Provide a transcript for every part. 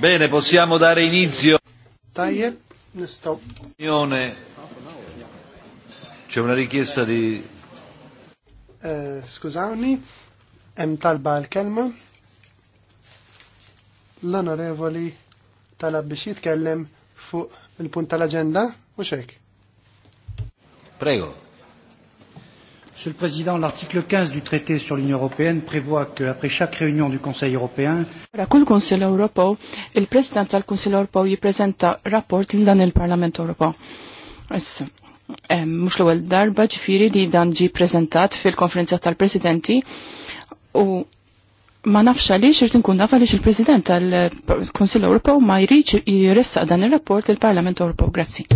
Bene, possiamo dare inizio. Tajjeb, nistaw. C'è una richiesta di... Eh, scusami, hemm talba al kelma L'onorevoli onorevoli Kellem fu il punto all'agenda? Prego. Monsieur le Président, l'article 15 du traité sur l'Union européenne prévoit après chaque réunion du Conseil européen, Wara kull Kunsill Ewropew, il-President tal-Kunsill Ewropew jippreżenta rapport lil dan il-Parlament Ewropew. Issa, mhux l-ewwel darba ġifieri li dan ġi preżentat fil-konferenza tal-Presidenti u ma nafx għaliex irid nkun naf għaliex il-President tal-Kunsill Ewropew ma jrid jressaq dan ir-rapport il-Parlament Ewropew. Grazzi.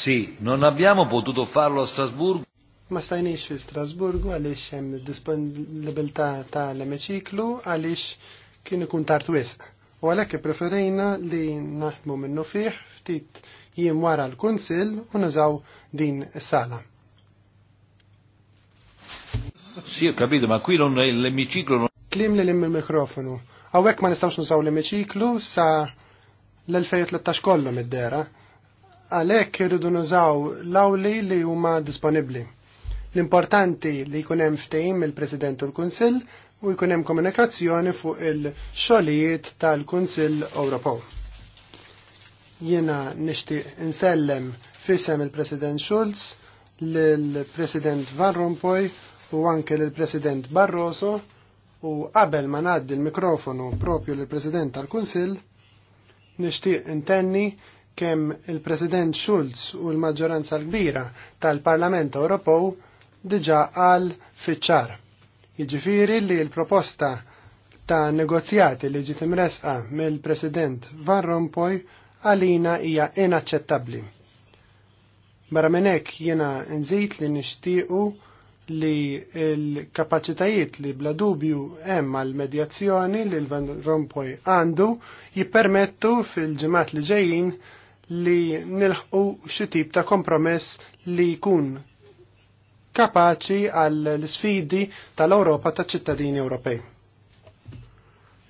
Sì, non abbiamo potuto farlo a Strasburgo. Ma stajniex fi Strasburgo, għaliex hemm disponibilità ta' l-emiċiklu għaliex kien ikun tard essa. U għalhekk preferejna li naħdmu minnu fih ftit jiem wara l-Kunsill u nużaw din is-sala. Sì, ho capito, ma qui non è l'emiciclo non... Klim li lim il-mikrofonu. Għawek ma nistawx nużaw l-emiciklu sa l-2013 kollom id-dera għalhekk irridu nużaw lawli li huma disponibbli. L-importanti li jkun hemm ftehim il-President u l-Kunsill u jkun hemm komunikazzjoni fuq il-xogħlijiet tal-Kunsill Ewropew. Jiena nixtieq insellem fisem il-President Schulz, l-President Van Rompuy u anke l-President Barroso u qabel ma ngħaddi l-mikrofonu propju l-President tal-Kunsill nixtieq intenni kemm il-President Schulz u l-maġġoranza l-kbira tal-Parlament Ewropew diġà qal fiċċar. Jiġifieri li l-proposta ta' negozjati li ġiet imresqa mill-President Van Rompuy għalina hija inaċċettabbli. Barra minn hekk jiena nżid li nixtiequ li l kapaċitajiet li bla dubju hemm għal medjazzjoni li l-Van Rompuy għandu jippermettu fil-ġimgħat li ġejjin li nilħqu xi tip ta' kompromess li jkun kapaċi għall sfidi tal-Ewropa ta' ċittadini Ewropej.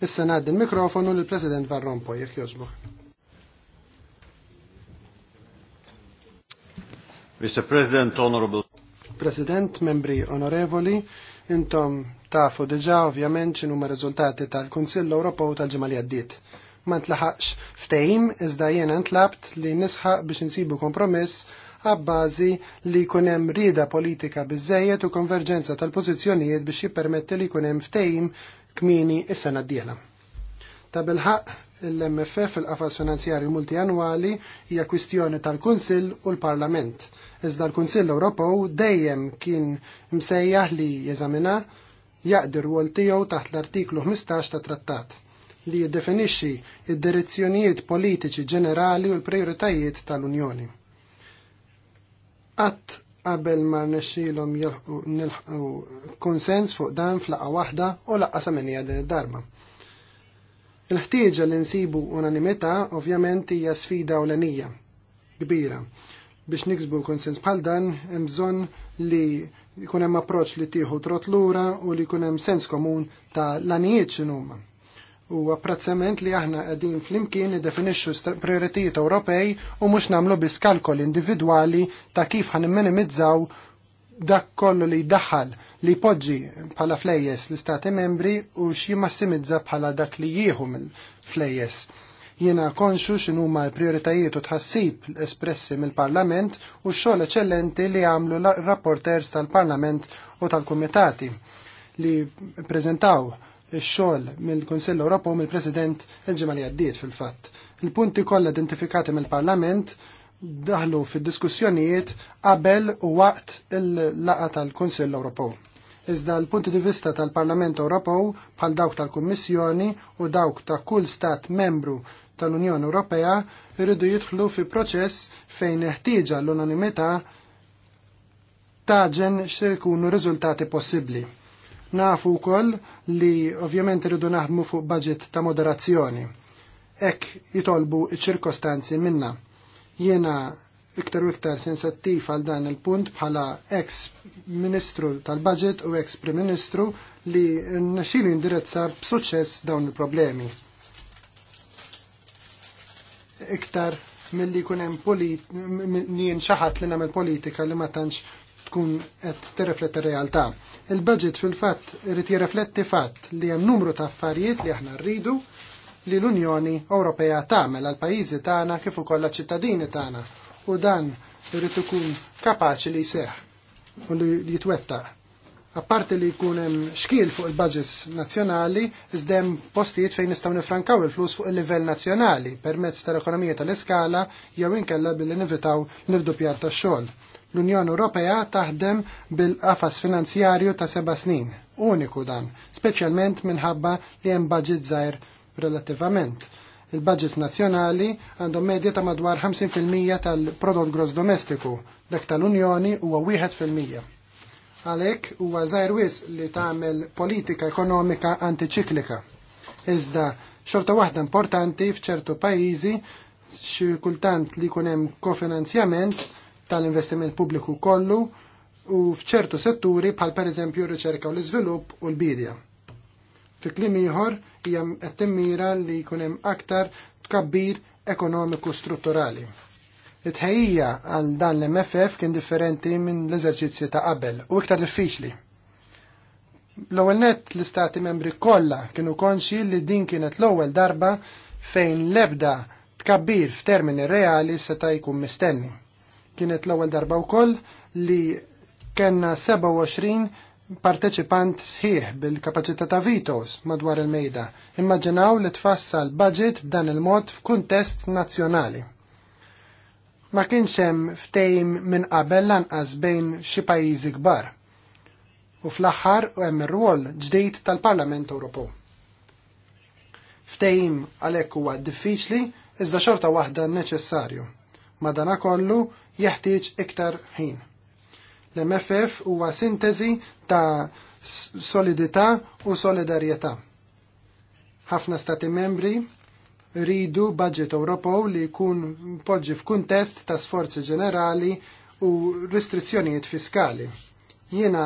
Issa ngħaddi l-mikrofonu lill president Van Rompuy jekk jogħġbok. Mr. President, Honorable. President, membri onorevoli, intom tafu diġa ovvjament x'inhuma riżultati tal-Kunsill Ewropew tal ġemali għaddit. għaddiet ma ntlaħax ftehim iżda jiena ntlabt li nisħaq biex insibu kompromiss għabbażi li jkun hemm rieda politika biżejjed u konverġenza tal-pożizzjonijiet biex jippermetti li jkun hemm ftehim kmini is-sena d-dieħla. Ta' bilħaq l-MFF il-qafas finanzjarju multianwali hija kwistjoni tal-Kunsill u l-Parlament. Iżda l-Kunsill Ewropew dejjem kien msejjaħ li jeżamina jaqdir wol tiegħu taħt l-artiklu 15 ta' trattat li jiddefinixxi id-direzzjonijiet politiċi ġenerali u l-prioritajiet tal-Unjoni. Qatt qabel ma rnexxilhom nilħu konsens fuq dan flaqa waħda u laqqa samenija din id-darba. Il-ħtieġa li nsibu unanimità ovvjament hija sfida ewlenija kbira. Biex niksbu konsens bħal dan hemm bżonn li jkun hemm approċċ li tieħu trotlura u li jkun hemm sens komun ta' lanijiet x'inhuma u apprezzament li aħna qegħdin flimkien definisġu prioritijiet Ewropej u mhux nagħmlu biss kalkol individwali ta' kif ħan minimizzaw dak kollu li jdaħħal li jpoġġi bħala flejjes l-istati membri u x'jimmassimizza bħala dak li jieħu mill-flejjes. Jiena konxu x'inhuma l-prioritajiet u tħassib espressi mill-Parlament u x-xogħol eċellenti li għamlu rapporters tal-Parlament u tal-Kumitati li prezentaw ix-xogħol mill-Kunsill u mill-President il-ġimgħa għaddiet fil-fatt. Il-punti kollha identifikati mill-Parlament daħlu fid-diskussjonijiet qabel u waqt il-laqa tal-Kunsill Ewropew. Iżda l-punti di vista tal-Parlament Ewropew bħal dawk tal-Kummissjoni u dawk ta' kull stat membru tal-Unjoni Ewropea irridu jidħlu fi proċess fejn ħtieġa l-unanimità taġen xir ikunu riżultati possibbli. Nafu wkoll li ovvjament rridu naħdmu fuq budget ta' moderazzjoni. Ek jitolbu iċ ċirkostanzi minna. Jiena iktar u iktar sensattiv għal dan il-punt bħala ex ministru tal-budget u ex prim ministru li naxilu indirezza b'suċċess dawn il-problemi. Iktar mill-li kunem li nxaħat li namel politika li ma tantx tkun qed tirrifletta realtà. realtà Il-budget fil-fatt irid jirrifletti fatt li hemm numru ta' affarijiet li aħna rridu li l-Unjoni Ewropea tagħmel għal pajjiżi tagħna kif ukoll ċittadini tagħna u dan irid ikun kapaċi li jseħħ u li jitwettaq. Apparti li jkun hemm xkil fuq il-budgets nazzjonali, iżda hemm postijiet fejn nistgħu nifrankaw il-flus fuq il-livell nazzjonali permezz tal-ekonomija tal-iskala jew inkella billi nivitaw l-irdupjar tax-xogħol L-Unjoni Ewropea taħdem bil-qafas finanzjarju ta' seba' snin, uniku dan, speċjalment minħabba li hemm budget żgħir relattivament. Il-budgets nazzjonali għandhom medja ta' madwar 50% tal-prodott gross domestiku, dak tal-Unjoni huwa 1%. Għalhekk huwa żgħir wis li tagħmel politika ekonomika antiċiklika. Iżda xorta waħda importanti f'ċertu pajjiżi xi kultant li jkun hemm kofinanzjament tal-investiment pubbliku kollu u fċertu setturi bħal pereżempju r-riċerka u l izvilup u l-bidja. Fi kliem ieħor hija qed timmira li jkun hemm aktar tkabbir ekonomiku strutturali. It-ħejja għal dan l-MFF kien differenti minn l-eżerċizzji ta' qabel u iktar diffiċli. L-ewwel nett l-istati membri kollha kienu konxi li din kienet l-ewwel darba fejn l-ebda tkabbir f'termini reali seta' jkun mistenni. Kienet l-ewwel darba wkoll li kellna 27 parteċipant sħiħ bil-kapaċità ta' vitos madwar il-mejda. Immaġinaw li tfassal budget b'dan il-mod f'kuntest nazzjonali. Ma kienx hemm ftejm minn qabel lanqas bejn xi pajjiżi kbar. U fl-aħħar hemm ir-rwol ġdid tal-Parlament Ewropew ftejim għalhekk huwa diffiċli iżda xorta waħda neċessarju. Madana kollu jeħtieġ iktar ħin. L-MFF huwa sintesi ta' solidità u solidarjetà. Ħafna stati membri ridu budget Ewropew li jkun poġġi f'kuntest ta' sforzi ġenerali u restrizzjonijiet fiskali. Jiena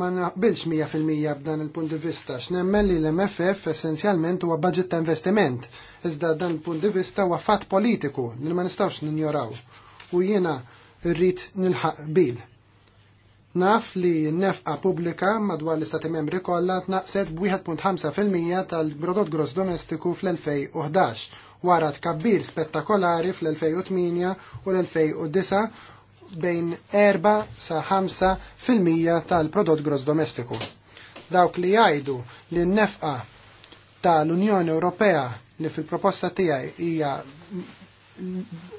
ma naqbilx 100% b'dan il-punt di vista, x'nemmen li l-MFF essenzjalment huwa budget ta' investiment, iżda dan il-punt di vista huwa fatt politiku li ma nistgħux ninjoraw u jiena rrid nilħaq bil. Naf li nefqa pubblika madwar l-istati membri kollha tnaqset b'1.5% tal-prodott gross domestiku fl-2011 wara tkabbir spettakolari fl-2008 u l-2009 bejn 4 sa 5% tal-prodott gross domestiku. Dawk li jgħidu li n-nefqa tal-Unjoni Ewropea li fil-proposta tiegħi hija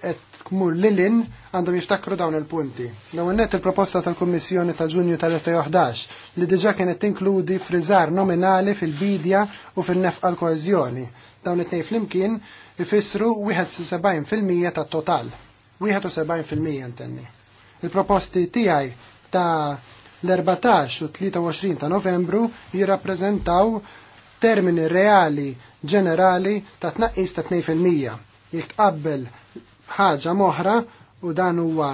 qed tmur lilin għandhom jiftakru dawn il-punti. l il-proposta tal-Kummissjoni ta' Ġunju tal-2011 li diġa' kienet tinkludi friżar nominali fil-bidja u fil-nefqa l koezjoni Dawn it-tnejn flimkien ifissru 71% tat-total. 71% intenni. Il-proposti tiegħi ta' l-14 u 23 ta' novembru jirrappreżentaw termini reali ġenerali ta' tnaqqis ta' 2%. Jek tqabbel ħaġa moħra u dan huwa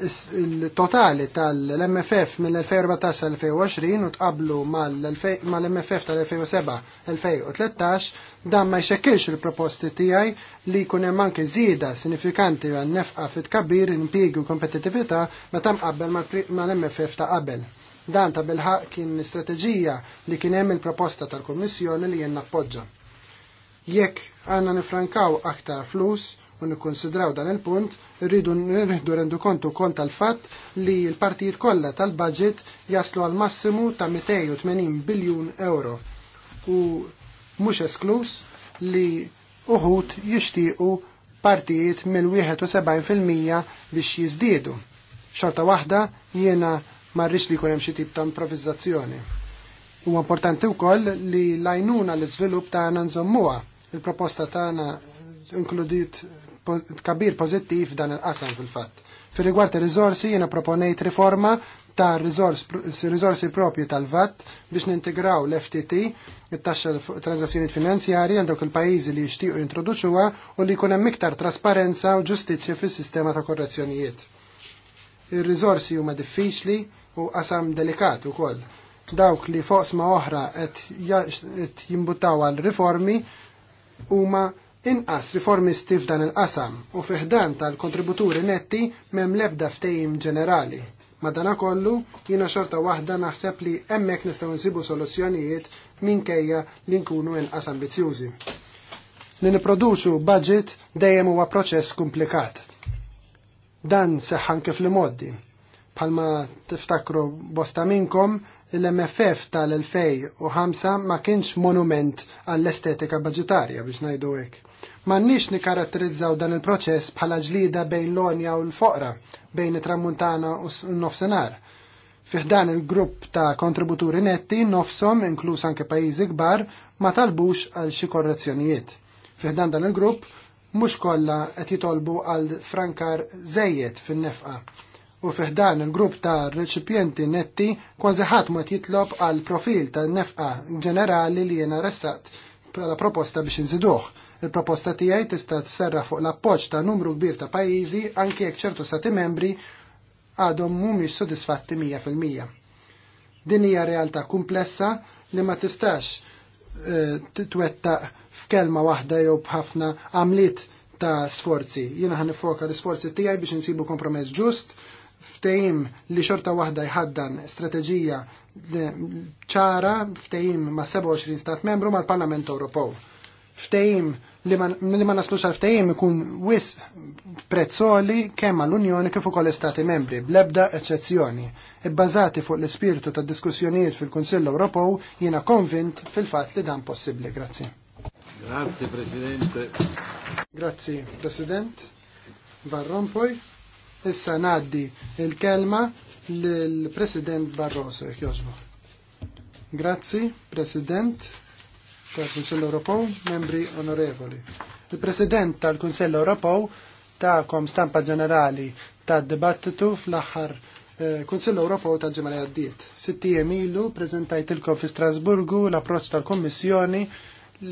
il-totali tal-MFF mill-2014-2020 u tqablu mal-MFF tal-2007-2013 dan ma jxekkilx il-proposti tiegħi li jkun hemm anke żieda sinifikanti għan nefqa fit kabir, impjiegi u ma meta mqabbel mal-MFF ta' qabel. Dan ta' bilħaq kien strateġija li kien hemm il-proposta tal-Kummissjoni li jien nappoġġa. Jekk għandna nifrankaw aktar flus, u nikkonsidraw dan il-punt, rridu nirridu rendu kontu kont tal-fatt li l-partijiet kollha tal-budget jaslu għal massimu ta' 280 biljun euro u mhux esklus li uħut jixtiequ partijiet mill-71% biex jiżdiedu. Xorta waħda jiena marriċ li kunem xi tip ta' improvvizzazzjoni. U importanti wkoll li lajnuna l-iżvilupp tagħna nżommuha. Il-proposta tagħna inkludit kabir pozittiv dan il-qasam fil-fatt. fil rigward ir rizorsi jiena proponejt riforma ta' rizorsi propju tal-VAT biex nintegraw l-FTT, il taxxa transazzjoni finanzjarji għal dawk il-pajjiżi li jixtiequ jintroduċuha u li jkun hemm iktar trasparenza u ġustizzja fis-sistema ta' korrezzjonijiet. Ir-riżorsi huma diffiċli u qasam delikat ukoll. Dawk li foqsma oħra qed jimbutaw għal riformi huma inqas riformisti f'dan il-qasam u fiħdan tal-kontributuri netti mem lebda ftejim ġenerali. Madana kollu, jina xorta wahda naħseb li emmek nistaw nsibu soluzzjonijiet minkejja li nkunu inqas ambizjużi. Li niproduċu budget dejjem huwa proċess komplikat. Dan seħħan kif li moddi. Palma tiftakru bosta minkom, l-MFF tal-2005 ma kienx monument għall-estetika budgetarja biex najdu hekk. Mannix nikaratterizzaw dan il-proċess bħala ġlida bejn l-onja u l-foqra, bejn it-tramuntana u n-nofsenar. Fiħdan il-grupp ta' kontributuri netti nofsom inkluż anke pajjiżi kbar ma talbux għal xi korrezzjonijiet. Fiħdan dan il-grupp mhux kollha qed jitolbu għal frankar żejjed fin-nefqa u fiħdan il-grupp ta' reċipjenti netti kważi ħadd ma jitlob għal profil ta' nefqa ġenerali li jena ressat bħala proposta biex inżiduh. Il-proposta tiegħi tista' serra fuq l-appoġġ ta' numru kbir ta' pajjiżi anke jekk ċertu stati membri għadhom mhumiex sodisfatti 100%. Din hija realtà komplessa li ma tistax eh, twetta f'kelma waħda jew b'ħafna għamliet ta' sforzi. Jiena ħan nifoka l-sforzi tijaj biex insibu kompromess ġust, ftehim li xorta waħda jħaddan strateġija ċara ftehim ma' 27 stat membru mal-Parlament Ewropew. Ftehim li ma naslux għal ikun wis prezzoli kemm għall-Unjoni kif ukoll Stati membri, blebda eċċezzjoni. Ibbażati fuq l-ispirtu ta' diskussjonijiet fil-Kunsill Ewropew jiena konvint fil-fatt li dan possibbli. Grazzi. Grazzi, President. Grazzi, President. Varrompoj. Issa naddi il-kelma l-President Barroso, jek Grazzi, President tal-Kunsell Ewropew, membri onorevoli. Il-President tal-Kunsell Ewropew kom stampa ġenerali ta' dibattitu fl-aħħar eh, Kunsill Ewropew ta' ġimgħa li għaddiet. Sittijiem ilu ilkom fi Strasburgu l-approċċ tal-Kommissjoni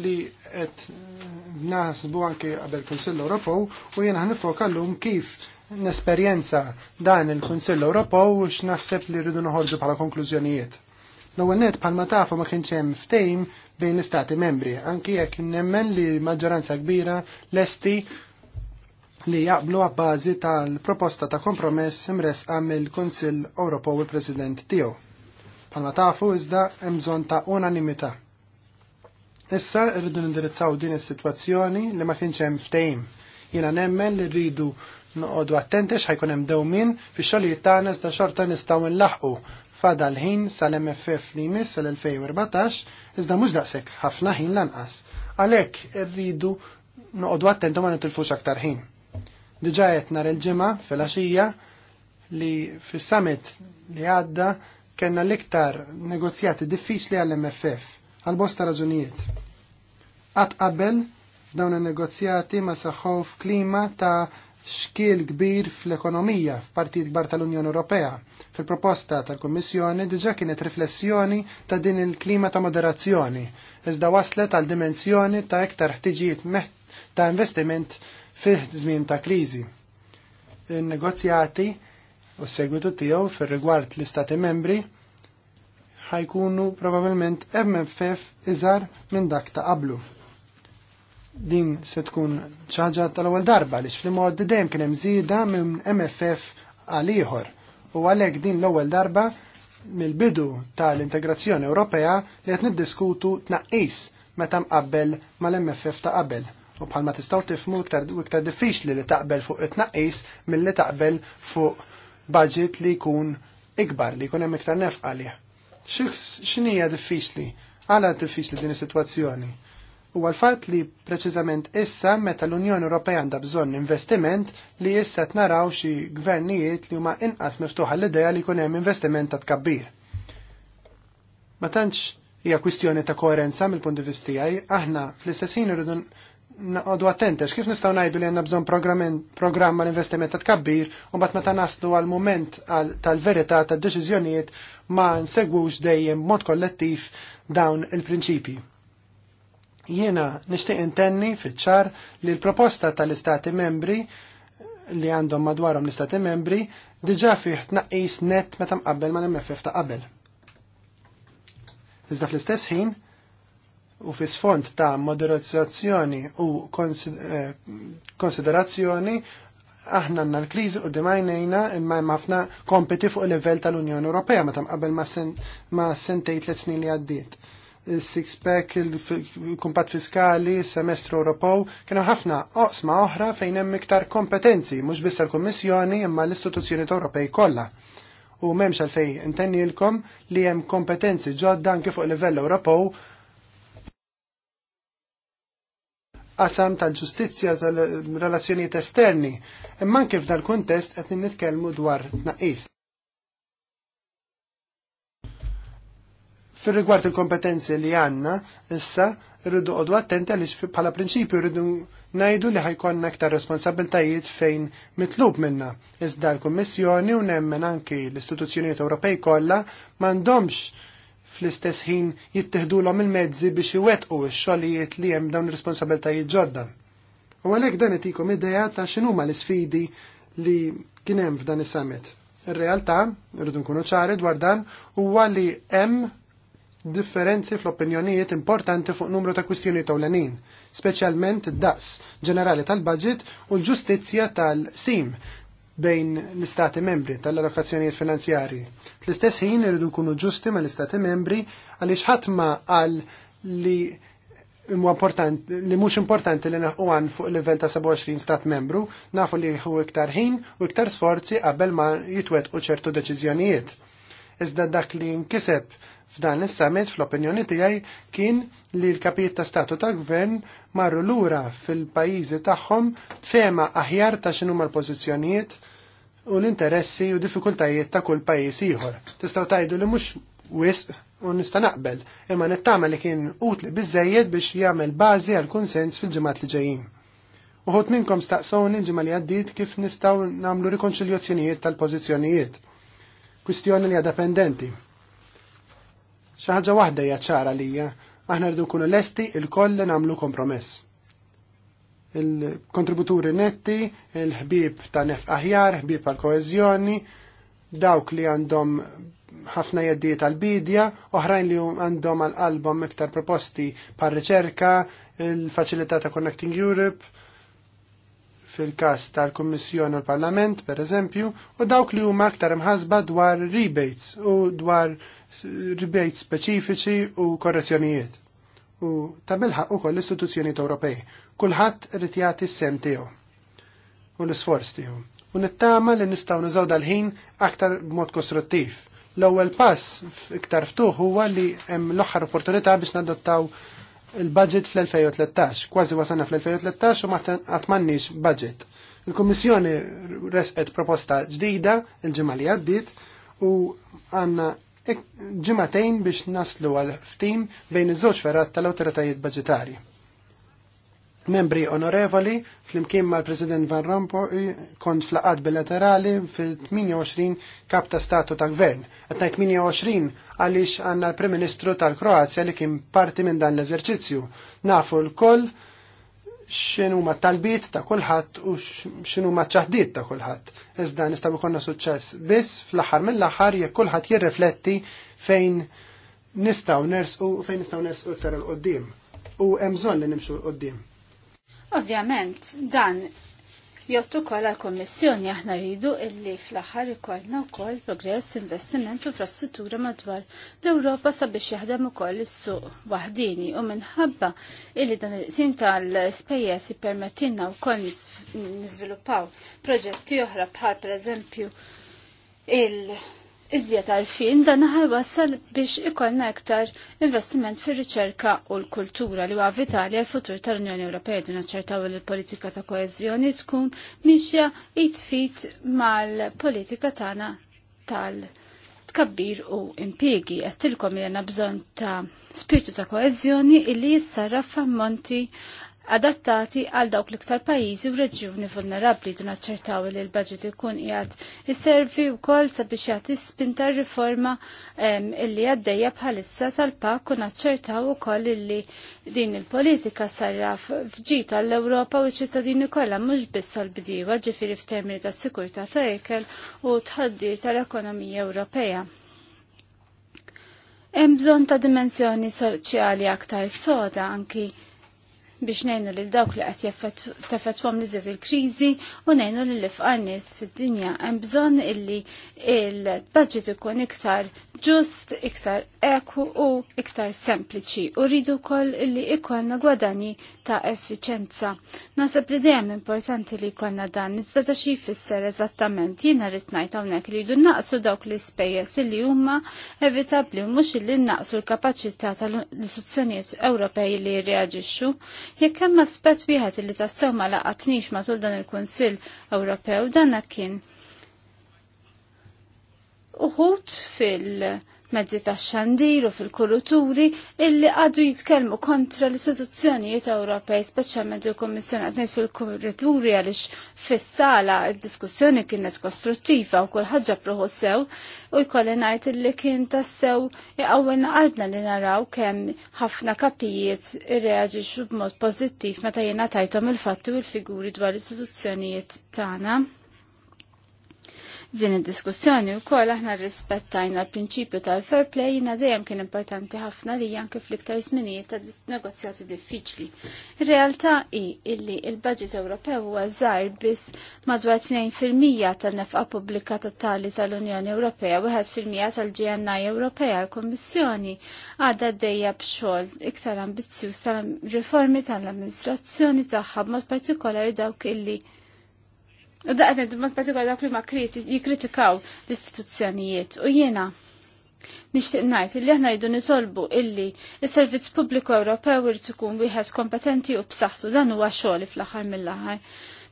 li qed naħsbu anke qabel Kunsell Ewropew u jiena ħnifoka llum kif nesperjenza dan il-Kunsell Ewropew u x'naħseb li rridu noħorġu bħala konklużjonijiet. L-ewwel net bħalma tafu ma kienx hemm ftehim bejn l-istati membri, anki jekk nemmen li maġġoranza kbira lesti li jaqblu għabbażi tal-proposta ta' kompromess imresqa il kunsill Ewropew u l-President tiegħu. Palma tafu iżda hemm bżonn ta' unanimità. Issa rridu nindirizzaw din is-sitwazzjoni li ma kienx hemm ftehim. Jiena nemmen li rridu noqogħdu attenti x'ħajkun hemm dewmin fix-xogħlijiet tagħna iżda xorta nistgħu nlaħqu Fada l-ħin sal-MFF li jmiss sal-2014, iżda mhux daqshekk ħafna ħin lanqas. Għalhekk irridu noqogħdu attentu ma nitilfux aktar ħin. Diġà qed nhar il-ġimgħa fil axija li fis-summit li għadda kellna l-iktar negozjati diffiċli għall-MFF għal-bosta raġunijiet. Qatt qabel f'dawn in-negozjati ma saħħu f'klima ta' xkiel kbir fl-ekonomija f'partit kbar tal-Unjoni Ewropea. Fil-proposta tal kummissjoni diġa kienet riflessjoni ta' din il-klima ta' moderazzjoni, iżda waslet għal dimensjoni ta' iktar ħtiġijiet ta' investiment fih żmien ta' kriżi. Il-negozjati u s-segwitu tiegħu fir-rigward l-Istati membri ħajkunu probabilment MFF iżar minn dak ta' qablu din se tkun ċaġa tal-ewwel darba għaliex fil-mod dejjem kien hemm żieda minn MFF għal ieħor u għalhekk din l-ewwel darba mill-bidu tal-integrazzjoni Ewropea li qed niddiskutu tnaqqis meta mqabbel mal-MFF ta' qabel. U bħalma tistgħu tifhmu iktar iktar diffiċli li taqbel fuq it-tnaqqis milli taqbel fuq budget li jkun ikbar li jkun hemm iktar nefqa għalih. X'inhija diffiċli? Għala diffiċli din is-sitwazzjoni? U l-fatt li preċiżament issa meta l-Unjoni Ewropea għandha bżonn investiment li issa naraw xi gvernijiet li huma inqas miftuħa l-idea li jkun hemm investiment ta' tkabbir. Ma tantx hija kwistjoni ta' koerenza mill-punt di vista tiegħi, aħna fl-istessin irridu naqogħdu attenti għax kif nistgħu ngħidu li għandna bżonn programm għal investiment ta' tkabbir u mbagħad meta naslu għal mument tal-verità tad-deċiżjonijiet ma nsegwux dejjem mod kollettiv dawn il-prinċipji Jiena nixtieq intenni fiċ-ċar li l-proposta tal-Istati membri li għandhom madwarhom l-Istati membri diġà fih tnaqqis net meta mqabbel ma' l-MFF ta' qabel. Iżda fl-istess ħin, u fi sfond ta' moderazzjoni u eh, konsiderazzjoni aħna għanna l-krizi u dimajnejna imma ħafna kompeti fuq il-level tal-Unjoni Ewropea meta mqabbel ma' sentejt l snin li għaddiet six pack il-kumpat fiskali, semestru Ewropew, kienu ħafna oqsma oħra fejn hemm iktar kompetenzi, mhux biss l-Kummissjoni imma l-istituzzjoni Ewropej kollha. U m'hemmx għalfejn intennilkom li hemm kompetenzi ġodda anke fuq livell Ewropew qasam tal-ġustizzja tal-relazzjonijiet esterni, imma anke f'dal kuntest qed nitkellmu dwar tnaqqis. Fil-rigward il-kompetenzi li għanna, issa rridu għodu attenti għalix bħala prinċipju rridu najdu li ħajkonna aktar responsabiltajiet fejn mitlub minna. Iżda l-Kommissjoni u nemmen anki l-istituzzjonijiet Ewropej kollha m'għandhomx fl-istess ħin jittihdulhom il-mezzi biex iwettqu x-xogħlijiet li hemm dawn ir-responsabiltajiet ġodda. U għalhekk dan itikom idea ta' x'inhuma l-isfidi li kien hemm f'dan is-summit. Ir-realtà, rridu nkunu ċari dwar dan, huwa li hemm differenzi fl-opinjonijiet importanti fuq numru ta' kwistjoni tawlenin, speċjalment daqs ġenerali tal-budget u l-ġustizzja tal-sim bejn l-istati membri tal-allokazzjonijiet finanzjari. Fl-istess ħin irridu nkunu ġusti ma l-istati membri għaliex ħatma għal li li mhux importanti li naħu għan fuq livell ta' 27 stat membru, nafu li hu iktar ħin u iktar sforzi qabel ma jitwet u ċertu deċiżjonijiet. Iżda dak li nkiseb f'dan is-summit fl-opinjoni tiegħi kien li l-kapijiet ta' statu ta' gvern marru lura fil-pajjiżi tagħhom fema aħjar ta' x'inhu l-pożizzjonijiet u l-interessi u diffikultajiet ta' kull pajjiż ieħor. Tistgħu tgħidu li mhux wisq u nista' naqbel, imma nittama li kien utli biżejjed biex jagħmel bażi għal kunsens fil-ġimgħat li ġejjin. Uħut minnkom staqsawni ġimgħa li għaddit kif nistgħu nagħmlu rikonċiljazzjonijiet tal pożizzjonijiet Kwistjoni li għadha pendenti. Xi ħaġa waħda hija ċara lija, aħna rridu nkunu lesti il-koll li nagħmlu kompromess. Il-kontributuri netti, il-ħbib ta' nef aħjar, ħbib tal koeżjoni dawk li għandhom ħafna jeddiet tal bidja oħrajn li għandhom għal-album iktar proposti par riċerka il-facilità ta' Connecting Europe, fil-kas tal-Kommissjoni u l-Parlament, per eżempju, u dawk li huma aktar imħasba dwar rebates u dwar ribejt speċifiċi u korrezzjonijiet. U tabilħa u koll l Ewropej. Kulħadd irid jagħti s-sem tiegħu u l-isforz tiegħu. U nittama li nistgħu nużaw dal-ħin aktar b'mod kostruttiv. L-ewwel pass iktar ftuħ huwa li hemm l-oħħar opportunità biex nadottaw il-budget fl-2013. Kważi wasanna fl-2013 u ma għatmannix budget. Il-Kommissjoni resqet proposta ġdida il ġimgħa li għaddit u għanna ġimatejn biex naslu għal ftim bejn iż-żewġ ferat tal-awtoritajiet budgetari. Membri onorevoli, flimkien mal-President Van Rompuy kont flaqat bilaterali fil-28 kap ta' statu ta' gvern. Għatnajt 28 għalix għanna l-Prim Ministru tal-Kroazja li kien parti minn dan l-eżerċizzju. Nafu l-koll xinu ma talbiet ta' kulħadd u xinu ma ċaħdiet ta' kulħadd. Iżda nistaw jkollna suċċess biss fl-aħħar mill-aħħar jekk kulħadd jirrifletti fejn nistgħu ners u fejn nistgħu nersqu iktar l qoddim U hemm bżonn li nimxu l qoddim Ovvjament, dan jottu kol għal-Kommissjoni aħna rridu illi fl-aħħar ikollna wkoll progress investiment u infrastruttura madwar l-Ewropa sabiex jaħdem ukoll is-suq waħdini u minħabba illi dan il-qsim tal-spejjeż ippermettilna wkoll niżviluppaw proġetti oħra bħal pereżempju il- iżjed għalfin dan naħal wassal biex ikollna aktar investiment fir riċerka u l-kultura li huwa vitali għal futur tal-Unjoni Ewropea din naċċertaw li l-politika ta' koeżjoni tkun mixja jitfit mal-politika tagħna tal-tkabbir u impiegi. Qed tilkom li bżonn ta' spiritu ta' koeżjoni illi jissarraf ammonti adattati għal dawk l-iktar pajjiżi u reġjuni vulnerabbli dun naċċertaw li l-budget ikun qiegħed isservi wkoll sabiex jagħti spinta riforma illi għaddejja bħalissa tal-pak u naċċertaw ukoll illi din il-politika sarraf fġita l-Ewropa u ċittadini kollha mhux biss tal bdiewa ġifieri f'termini tas-sikurtà ta' ikel u tħaddir tal-ekonomija Ewropea. Hemm bżonn ta' dimensjoni soċjali aktar soda anki biex nejnu li dawk li għat jaffetwom li il-krizi u nejnu li l-ifqar nis fil-dinja għem illi il-budget ikun iktar ġust, iktar eku u iktar sempliċi u rridu kol illi ikonna gwadani ta' effiċenza. Nasab li dejjem importanti li ikonna dan, iżda xi jfisser eżattament jiena rrid ngħid hawnhekk li jridu naqsu dawk li spejjeż illi huma evitabli mhux illi naqsu l-kapaċità tal-istituzzjonijiet Ewropej li jirreaġixxu Jekk hemm aspett wieħed li tassew ma laqatnix matul dan il-Kunsill Ewropew dan kien uħut fil- mezzi ta' xandir u fil-kuruturi illi għadu jitkellmu kontra l-istituzzjonijiet Ewropej, speċjalment il-Kommissjoni għadnet fil-kuruturi għalix fis-sala diskussjoni kienet kostruttiva u kull ħagġa proħu sew u jkolli ngħid illi kien tassew iqawwilna qalbna li naraw kemm ħafna kapijiet irreaġixxu b'mod pożittiv meta jiena tajtom il-fattu il-figuri dwar l-istituzzjonijiet tagħna din id-diskussjoni u koll aħna rispettajna l-prinċipju tal-fair play jina dejjem kien importanti ħafna li anke fl-iktar żminijiet ta' negozjati diffiċli. Ir-realtà hi illi il-budget Ewropew huwa żgħar biss madwar 2% tal-nefqa pubblika totali tal-Unjoni Ewropea u 1% tal-GNI Ewropea l-Kommissjoni għadha dejja b'xogħol iktar ambizzjuż tal-riformi tal-amministrazzjoni tagħha b'mod partikolari dawk illi U daqnet, ma partikola dak li ma jikritikaw l-istituzzjonijiet. U jiena nixtieq ngħid li aħna jridu nitolbu illi s-servizz pubbliku Ewropew irid ikun wieħed kompetenti u b'saħħtu dan huwa għaxoli fl-aħħar mill-aħħar.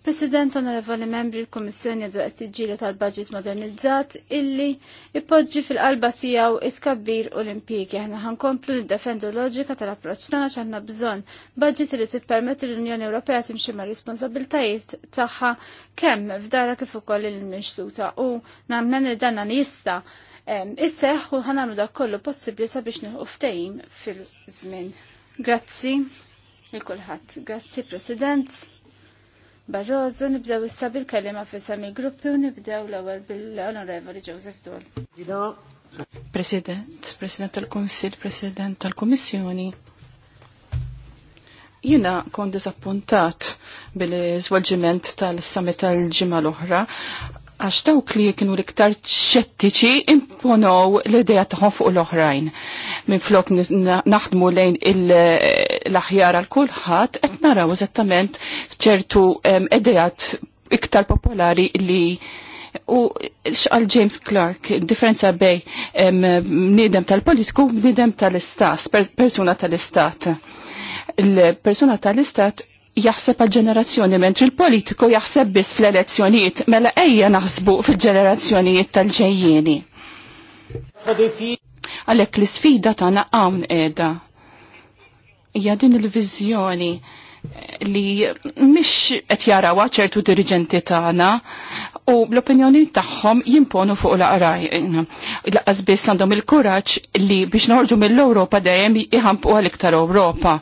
President onorevoli membri l-Kommissjoni għadu għattiġili tal-budget modernizzat illi ippoġġi fil-qalba tijaw it-kabbir u l-impiegi. komplu ħankomplu niddefendu loġika tal-approċ tana ċanna bżon budget li tippermetti l-Unjoni Ewropea timxie ma' responsabiltajiet tagħha kemm f'dara kif ukoll il minxluta u namnen li danna nista' Isseħ u ħanamlu dak kollu possibli sabiex nħu ftehim fil-żmien. Grazzi il kulħadd. Grazzi President. Barroso, nibdew issa bil-kelima fissam il-gruppi u nibdew l-ewwel bil-Onorevoli Joseph Dol. President, President tal-Kunsil, President tal-Kummissjoni. Jiena kon diżappuntat bil-żvolġiment tal-summit tal-ġimgħa l-oħra għax dawk li kienu l-iktar ċettiċi imponow l-ideja taħħom fuq l-oħrajn. Minn flok naħdmu lejn l-aħjar għal kulħadd qed naraw eżattament ċertu idejat iktar popolari li U xqal James Clark, differenza bej nidem tal-politiku u nidem tal-istat, persuna tal-istat. Il-persuna tal-istat jaħseb għal-ġenerazzjoni, mentri il-politiku jaħseb biss fl-elezzjonijiet, mela ejja naħsbu fil-ġenerazzjonijiet tal ġejjeni Għalek l-sfida tagħna hawn qiegħda hija din il-viżjoni li mish qed jarawha ċertu dirigenti tagħna u l-opinjoni tagħhom jimponu fuq l-aqrajn. Laqqas biss għandhom il-kuraġġ li biex norġu mill-Ewropa dejjem iħampu għal iktar Ewropa.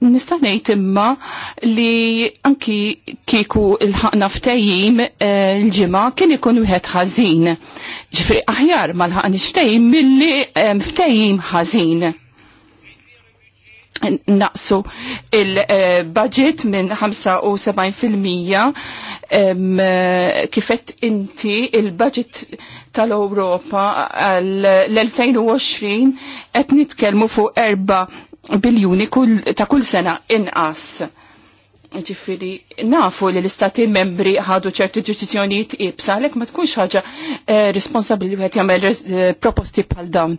Nista' ngħid imma li anki kieku l ħaqna ftejjim eh, l-ġimgħa kien ikun wieħed ħażin. Ġifri aħjar ma l-ħaqni ftejjim milli eh, ftejjim ħażin naqsu il-budget minn 75% kifet inti il-budget tal-Europa l-2020 qed nitkellmu fuq 4 biljuni ta' kull sena inqas ġifiri nafu li l-istati membri ħadu ċerti ġuċizjonijiet ibsa, lek ma tkunx ħaġa eh, responsabili għet jgħamil eh, proposti pal dawn.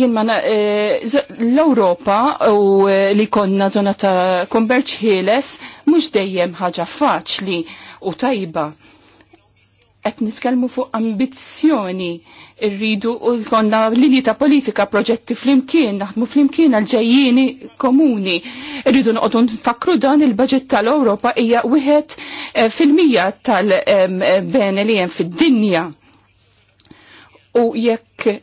Jien ma eh, l-Europa u eh, li konna zona ta' kummerċ ħieles mux dejjem ħaġa faċli u tajba qed nitkellmu fuq ambizzjoni rridu u konna linji ta' politika proġetti flimkien, naħdmu flimkien għal-ġejjini komuni. Irridu noqogħdu nfakru dan il-budget tal-Ewropa hija wieħed eh, fil-mija tal-bene eh, li hemm fid-dinja. U jekk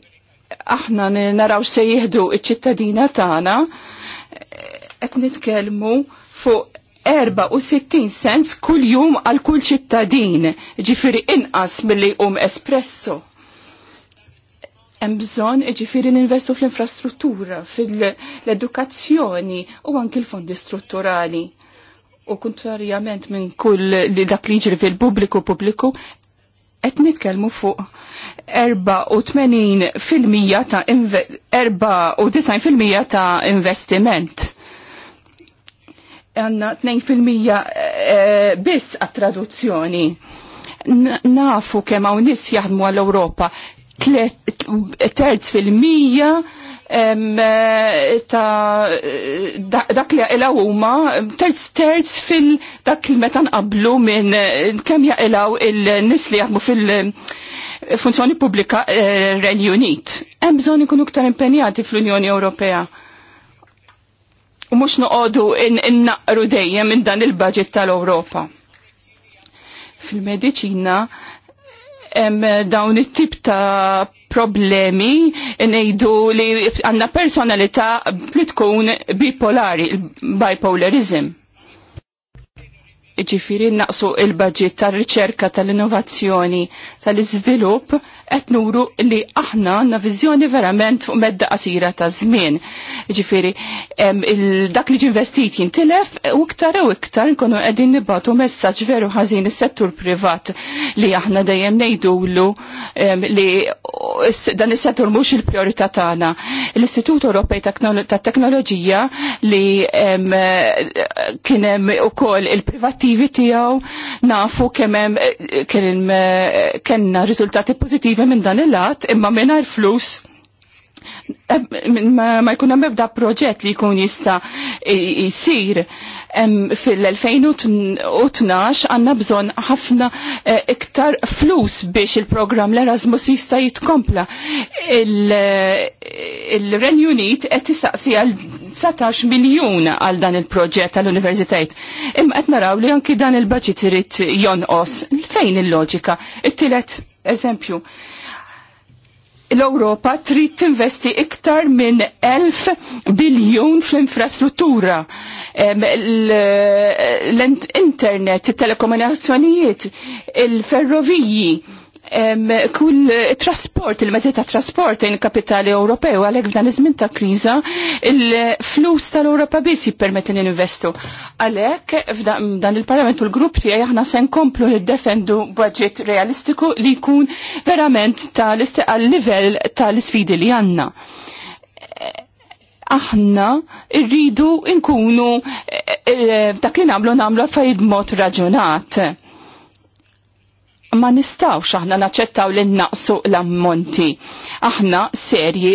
aħna naraw se jieħdu iċ-ċittadina tagħna eh, qed nitkellmu fuq 64 sens kull jum għal kull ċittadin, ġifiri inqas mill-li jqum espresso. Hemm bżonn ġifiri ninvestu fl-infrastruttura, fil-edukazzjoni u anki l-fondi strutturali. U kontrarjament minn kull li dak li jiġri fil-pubbliku pubbliku, qed nitkellmu fuq 84% ta' 94% ta' investiment għanna 2% eh, eh, biss għat-traduzzjoni. Nafu kemm hawn nies jaħdmu għall-Ewropa terz fil-mija eh, ta' dak li jaqilaw huma terz terz fil dak li meta nqablu minn kemm jaqilgħu il nis li jaħdmu fil-funzjoni pubblika Renju Unit. Hemm bżonn ikun iktar impenjati fl-Unjoni Ewropea u mux noqodu innaqru dejjem minn dan il-budget tal-Europa. Fil-medicina, hemm dawn it-tip ta' problemi ngħidu li għandna personalità li tkun bipolari, bipolarism. Ġifiri naqsu il-budget tal-riċerka, tal-innovazzjoni, tal-iżvilupp qed nuru li aħna għandna viżjoni verament fuq medda qasira ta' żmien. Ġifieri dak li ġinvestit jintilef u iktar u iktar nkunu qegħdin nibatu messaġġ veru ħażin is-settur privat li aħna dejjem ngħidulu li dan is-settur mhux il-priorità tagħna. L-Istitut Ewropej tat-Teknoloġija li kien hemm ukoll il-privattivi tiegħu nafu kemm hemm kellna riżultati pożittivi pozittivi minn dan il-lat imma il flus ma jkun hemm ebda proġett li jkun jista' jsir fil-2012 għandna bżonn ħafna eh, iktar flus biex il-programm l-Erasmus jista' jitkompla. Eh, Il-Ren Unit qed isaqsi għal 19 miljun għal dan il-proġett tal-universitajt. Imma qed naraw li anki dan il-budget irid jonqos. Fejn il-loġika? It-tielet eżempju l-Europa trid tinvesti iktar minn 1000 biljun fl-infrastruttura. L-internet, il-telekomunikazzjonijiet, il-ferroviji, kull trasport, il-mezzi trasport in kapitali Ewropew, għalhekk f'dan iż-żmien ta' kriża, il-flus tal-Ewropa biss jippermetti li ninvestu. Għalhekk f'dan il-Parlament u l-grupp tiegħi aħna se nkomplu niddefendu budget realistiku li jkun verament tal-livell tal-isfidi li għandna aħna irridu nkunu eh, eh, dak li namlu namlu affarijiet mod raġunat ma nistawx aħna naċċettaw li naqsu l-ammonti. Aħna serji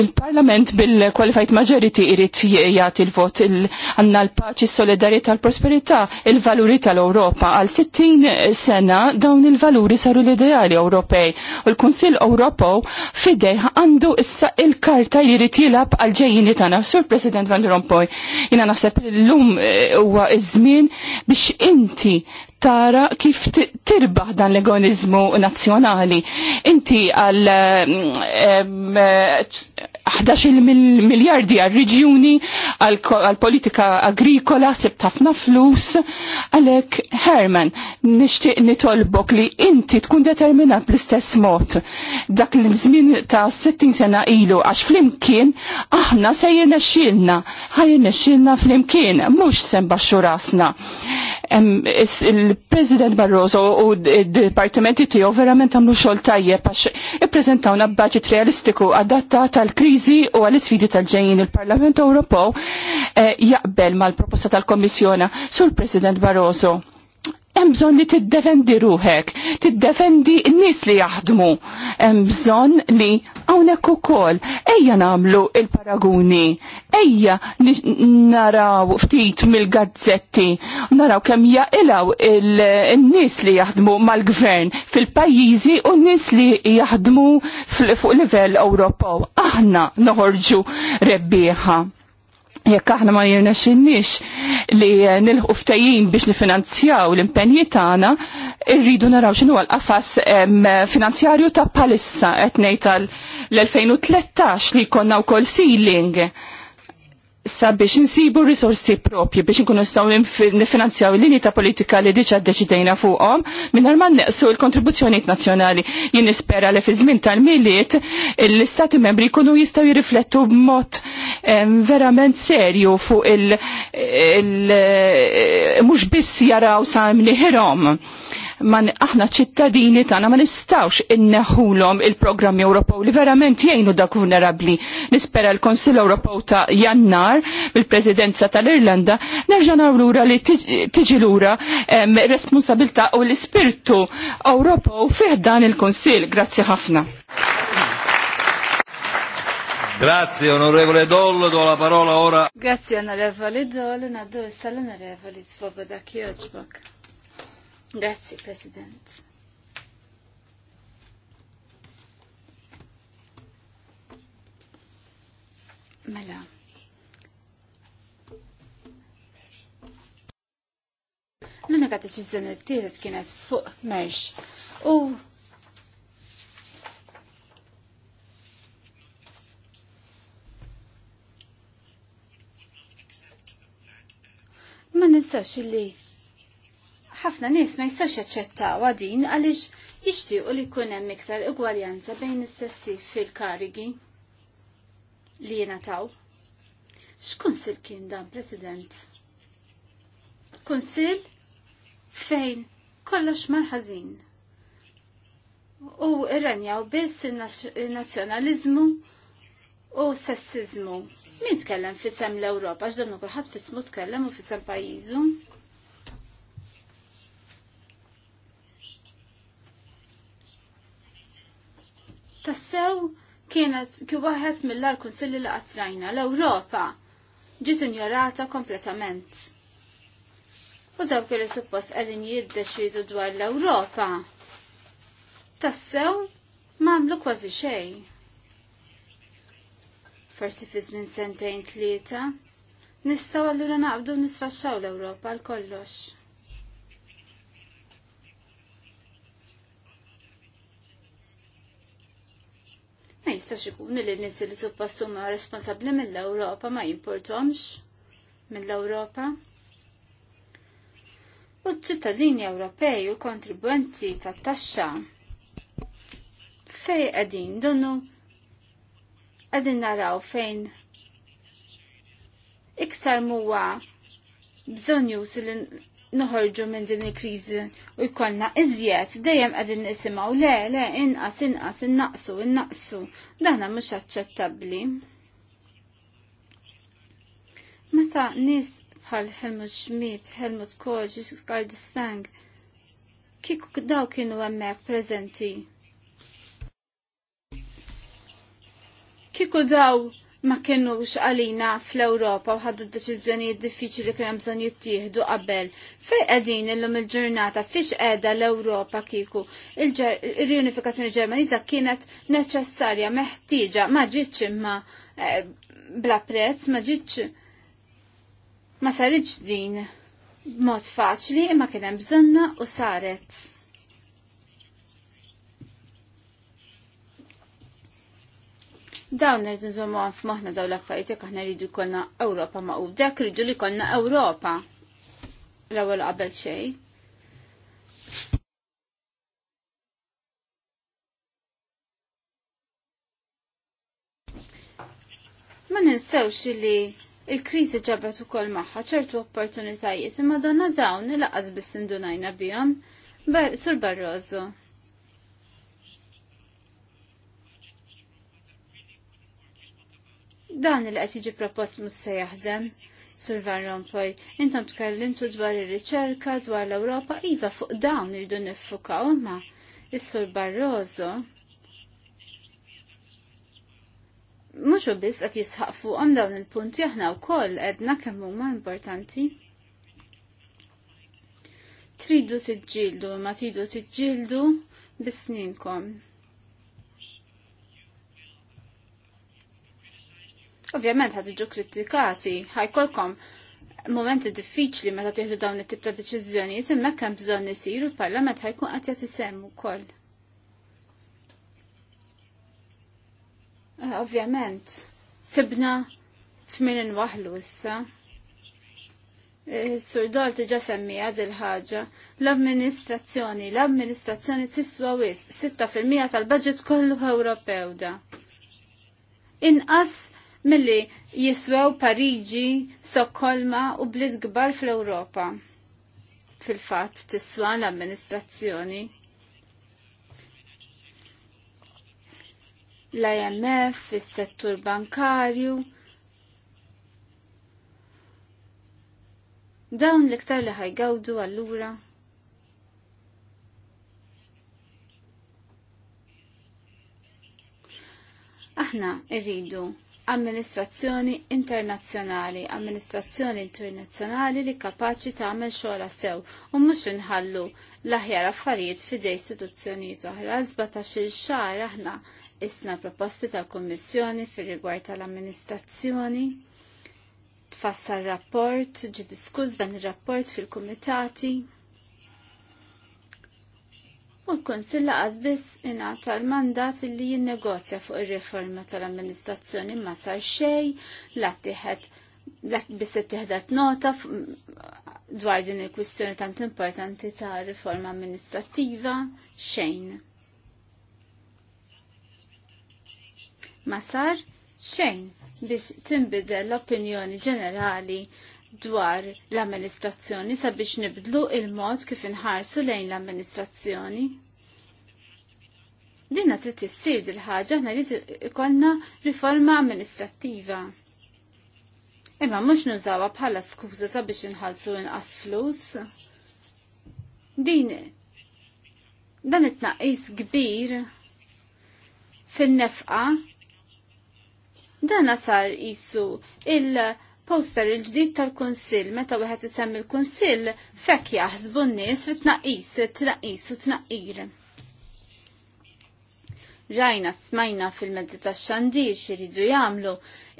il-Parlament bil-Qualified Majority irrit jagħti il-vot għanna l-paċi, solidarieta, l-prosperità, il-valuri tal-Europa. Għal 60 sena dawn il-valuri saru l-ideali Ewropej. U l kunsill Ewropew fidej għandu issa il-karta li jrid jilab għal ġejjini tagħna. Sur President Van Rompuy, jiena naħseb l-lum eh, huwa iż-żmien biex inti tara kif tirbaħ dan l-egonizmu nazzjonali. Inti għal 11 mm, miljardi għal reġjuni għal politika agrikola sebtafna flus għalek Herman nishtiq nitolbok li inti tkun determinat bl-istess mod dak l żmien ta' 60 sena ilu għax flimkien aħna sejjer nexxilna ħajr nexxilna flimkien mhux semba xurasna il-President Barroso u d-Dipartimenti tiegħu verament għamlu xogħol tajjeb għax ippreżentawna budget realistiku adattat għall-kriżi u għall-isfidi tal-ġejjin il-Parlament Ewropew eh, jaqbel mal-proposta tal komissjona sur President Barroso hemm bżonn li tiddefendi ruħek, tiddefendi n-nies li jaħdmu. Hemm bżonn li hawnhekk ukoll ejja nagħmlu il-paraguni, ejja naraw ftit mill-gazzetti, naraw kemm jaqilaw il nies li jaħdmu mal-gvern fil-pajjiżi u n-nies li jaħdmu fuq livell Ewropew. Aħna noħorġu rebbieħa jekk aħna ma jirnexinniex li nilħu ftejjin biex nifinanzjaw l-impenji tagħna, irridu naraw x'inhu l-qafas finanzjarju ta' palissa qed ngħid tal l-2013 li jkollna wkoll ceiling sabiex insibu risorsi propji biex nkunu staw nifinanzjaw l-linji ta' politika li diċa deċidejna fuqhom minn ma neqsu l-kontribuzzjonijiet nazzjonali. Jien nispera li fi żmien tal-miliet l-istati membri jkunu jistgħu jirriflettu b'mod verament serju fuq il-mhux eh, biss jaraw sa' mniħirhom man aħna ċittadini tagħna ma nistawx inneħulhom il-programmi Ewropew li verament jgħinu dak vulnerabbli. Nispera l-Konsil Ewropew ta' Jannar bil-Presidenza tal-Irlanda nerġa' lura li tiġi lura responsabilità u l-ispirtu Ewropew fih dan il-Konsil. Grazzi ħafna. Grazie onorevole Doll, do la parola ora. Grazie onorevole Doll, na do l-onorevole Svoboda Kjoġbok. Grazie, President. Mela. L-unika deċizjoni t-tielet kienet fuq merx. U ma ninsax li ħafna nies ma jistax jaċċettaw din għaliex jixtiequ li jkun hemm iktar ugwaljanza bejn is-sessi fil-karigi li jingħataw. X'kunsil kien dan, President? Kunsil fejn kollox ħażin? U irrenjaw biss il-nazjonalizmu u sessizmu. Min tkellem fissem l-Europa, ġdomnu kullħat fissmu tkellem u fissem pajizu. tassew kienet ki waħed mill-ar kunsilli li qatrajna l-Ewropa ġiet injorata kompletament. U dawk kelli suppost qegħdin jiddeċidu dwar l-Ewropa tassew m'għamlu kważi xejn. Forsi fi żmien sentejn tlieta nistgħu allura naqbdu nisfaxxaw l-Ewropa l kollox. Ma jistax ikun li nies li suppost huma responsabbli mill-Ewropa ma jimportomx mill-Ewropa. U ċ-ċittadini Ewropej u kontribwenti tat-taxxa fej qegħdin donnu qegħdin naraw fejn iktar muwa bżonjus li noħorġu minn din il-kriżi u jkollna iżjed dejjem qegħdin nisimgħu le le inqas inqas innaqsu innaqsu dana mhux aċċettabbli. Meta nies bħal Helmut Schmidt, Helmut Kohl, Gard Stang, kieku daw kienu hemmhekk preżenti. Kieku daw ma kienux għalina fl-Europa u ħaddu d-deċizjonijiet diffiċli li kien bżonn jittieħdu qabel. Fej qegħdin illum il-ġurnata fiex qiegħda l-Ewropa kieku. Il-riunifikazzjoni Ġermaniza kienet neċessarja, meħtieġa, ma ġietx imma eh, bla prezz, ma ġietx ma saritx din b'mod faċli imma kien hemm bżonna u saret. Dawn rridu nżommu għan f'maħna daw l-affarijiet jekk aħna rridu jkollna Ewropa ma' dak rridu li jkollna Ewropa l-ewwel qabel xejn. Ma ninsewx li il-kriżi ġabet ukoll magħha ċertu opportunitajiet imma donna dawn il-laqas biss indunajna bihom. sur Barroso, dan il qed jiġi propost mhux se jaħdem. Sur Van Rompuy, intom tkellimtu dwar ir-riċerka dwar l-Ewropa iva fuq dawn iridu niffukaw imma is-Sur Barroso mhux u biss qed jisħaq fuqhom dawn il-punti aħna wkoll edna kemm huma importanti. Tridu tiġġieldu, ma tridu tiġġieldu bis-sninkom. Ovvjament ħad iġu kritikati, ħajkolkom momenti diffiċli meta tieħdu dawn it-tip ta' deċiżjonijiet hemmhekk kemm bżonn isiru l-Parlament ħajkun qed jagħti semm ukoll. Eh, ovvjament, sibna f'min waħlu issa. Eh, Sur Dol tiġa semmija dil-ħagġa. L-amministrazzjoni, l-amministrazzjoni tiswa wis 6% tal-budget kollu Ewropew da. Inqas milli jiswew Pariġi, Stokkolma u bliz gbar fl-Ewropa. Fil-fatt tiswa l-amministrazzjoni. L-IMF, is-settur bankarju, Dawn l-iktar li ħajgawdu allura. Aħna irridu amministrazzjoni internazzjonali, amministrazzjoni internazzjonali li kapaċi tagħmel xogħla sew u mhux inħallu l-aħjar affarijiet fidej istituzzjonijiet oħra għal xil xahar aħna isna proposti tal-Kummissjoni fir-rigward tal-amministrazzjoni. Tfassal rapport, ġi diskuż dan ir-rapport fil-kumitati u l-Konsil laqas biss ingħata l-mandat li jinnegozja fuq ir-riforma tal-amministrazzjoni ma sar xejn, l-attiħed biss ittieħdet nota dwar din il-kwistjoni tant importanti ta' riforma amministrattiva xejn. Ma sar xejn biex tinbidel l-opinjoni ġenerali dwar l-amministrazzjoni sabiex nibdlu il-mod kif inħarsu lejn l-amministrazzjoni. Dinna trid issir dil ħaġa ħna li ikollna riforma amministrattiva. Imma mhux nużawha bħala skuża sabiex inħallsu inqas flus. Din dan it-tnaqqis kbir fin-nefqa dan sar isu il- poster il-ġdid tal-Kunsill meta wieħed isemmi l-Kunsill fekk jaħsbu n-nies fit-tnaqqis, tnaqis u tnaqir. Rajna smajna fil-mezzi tax-xandir xiridu jagħmlu